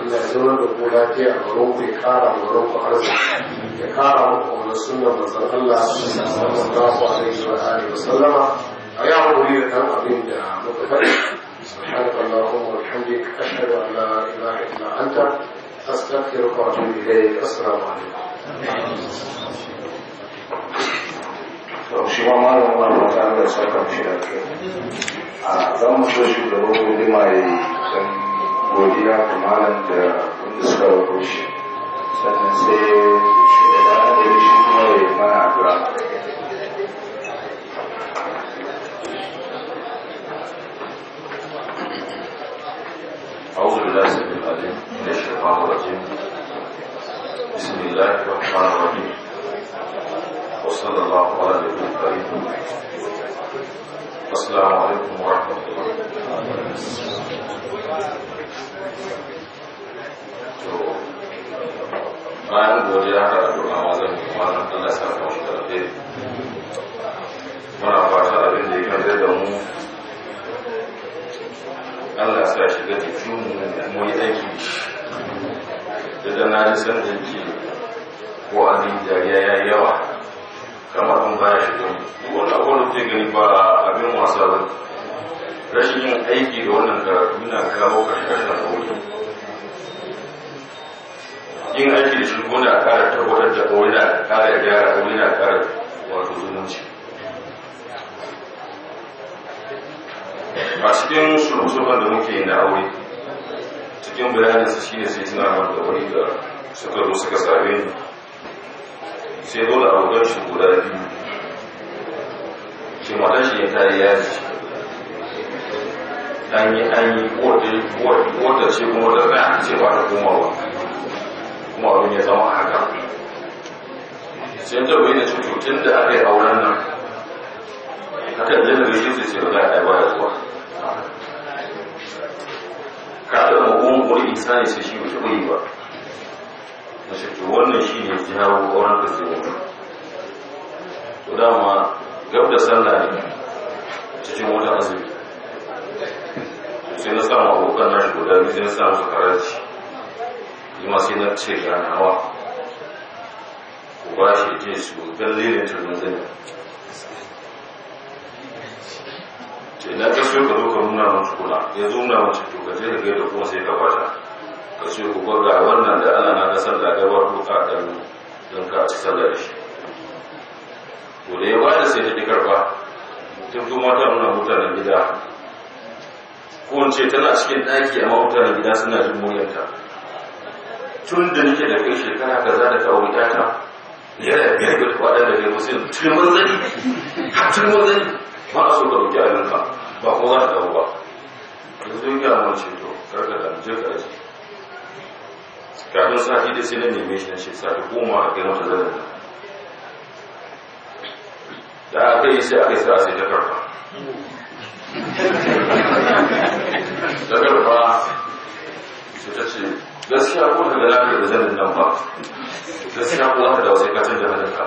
Allah ya zama da ku lafiya a garin ku ya ƙara mu garin ku arziki ya ƙara mu kuma sunan manzon Allah sallallahu alaihi da alihi wa sallama a yi da ɗan abin da muka faɗi سبحانك اللهم وبحمدك أشهد أن لا إله إلا أنت أستغفرك وأتوب إليك السلام عليكم. shi ma malamin na mata da sakon shi da ke a za mu so shugaban guduma ya yi don godiya ga malam da wanda suka rako shi sannan sai shi da dana da shi kuma ya yi mana addu'a أعوذ بالله سبيل العليم من الشيطان الرجيم بسم الله الرحمن الرحيم وصلى الله على نبي الكريم السلام عليكم ورحمة الله bayan godiya da addu'a ma zan yi malam Allah ya sa mu da alheri muna fata abin da ya kan da mu Allah sa shiga jikin mu yi aiki da da na ji san da ke ko azin jariya ya yawa kamar kun baya shiga mu wani abuwa da gani ba abin wasa ba rashin yin aiki da wannan karatu yana kawo kashe-kashen aure yin aiki da shi gona a kara tabbatar da aure na kara gyara aure na kara wato zumunci a cikin shurkusurban da muke na aure cikin bayaninsa shi ne sai tunawa da wani da suka zo suka same ni sai dole a wajen shi guda biyu shi matan shi ya tare ya ce an yi an yi wadda ce kuma da za ce ba da komawa kuma abin ya zama haka sai da wani da cututun da aka yi auren nan Natabbata bi shi sai ba da ba zuwa. Ka ta mugun wani insani sai shi bai koyi ba. Mace to wannan shi ne jawo auren da zai mutu. To dama gab da sallah ne cikin wata azumi. Sai na samu abokan nashi guda biyu sai na samu su karaci. Ima sai na ce ganawa. Ku ba shi je su dalilin tunan zai. idan ka so ka zo ka nuna musu kula ya zo nuna musu to ka je ka gaida kuma sai ka kwata ka ce ku ga wannan da ana na ga sallah gabar ku ka dan dan ka ci sallah da shi to da ya bada sai ta ki karba tun kuma ta nuna mutanen gida ko in ce tana cikin ɗaki amma mutanen gida suna jin muryanta tun da nake da kai shekara kaza da ka aure ta yana biyar ga kwaɗan da ke tun mun zani tun mun zani ba a so ka roƙi abinka ba ko za a dawo ba yanzu zai gina mun ce to karka da je ka aji kafin sati da sai na neme shi na ce sati goma a kai mata zanen nan da aka yi sai aka yi sa sai ta karfa ta karfa sai ta ce gaskiya ko ta gana ka da zanen nan ba gaskiya ko za ka dawo sai ka canja hannun ka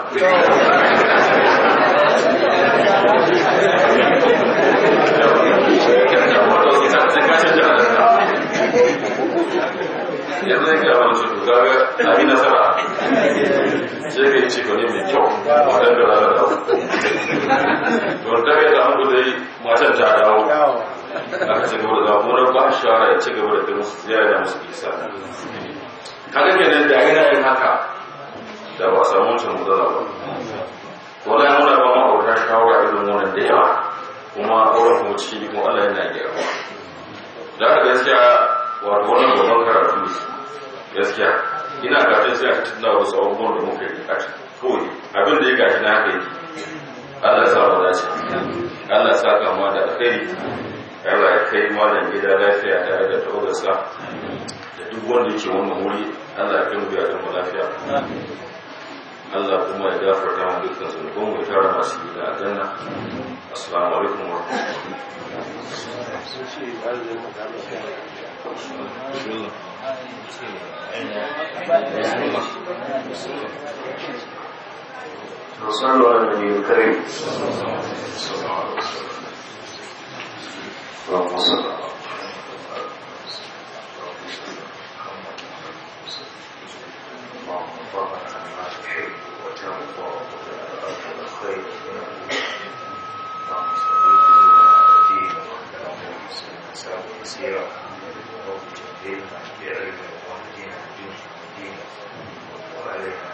yanzu zai gaba da shi gaga na yi nasara sai ka yi ci ne mai kyau ba ɗan da rana da ta daga da hannu dai matan ta dawo aka ci gaba da zamurar ba shi shawara ya ci gaba da ta musu ya yana musu isa kaga kenan da na yin haka da ba samun cin wancan matsala ba wani ya muna ba ma'aurata shawara irin wannan da yawa kuma auren kuma ciki kuma allah yana gyara da haka gaskiya wato wannan babban karatu gaskiya ina karatun sai a tuna wasu abubuwan da muka yi a kawai abin da ya gashi na haka yi Allah sa mu dace Allah sa kama da alkhairi Allah ya kai malam gida lafiya tare da tawagarsa da duk wanda yake wannan wuri Allah ya kai mu biya da lafiya Allah kuma ya gafarta mu dukkan zunubanmu ya tara masu yi da aljanna assalamu alaikum wa rahmatullahi صلوا على النبي الكريم اللهم صل اللهم طهر عما تحب وترضى وتتقبل الخير من اللهم صل وسلم على نبينا محمد وعلى اله وصحبه وسلم ဒီမှာကျေရလို့ဘာလို့ဒီမှာဒီမှာဒီမှာဘာလဲ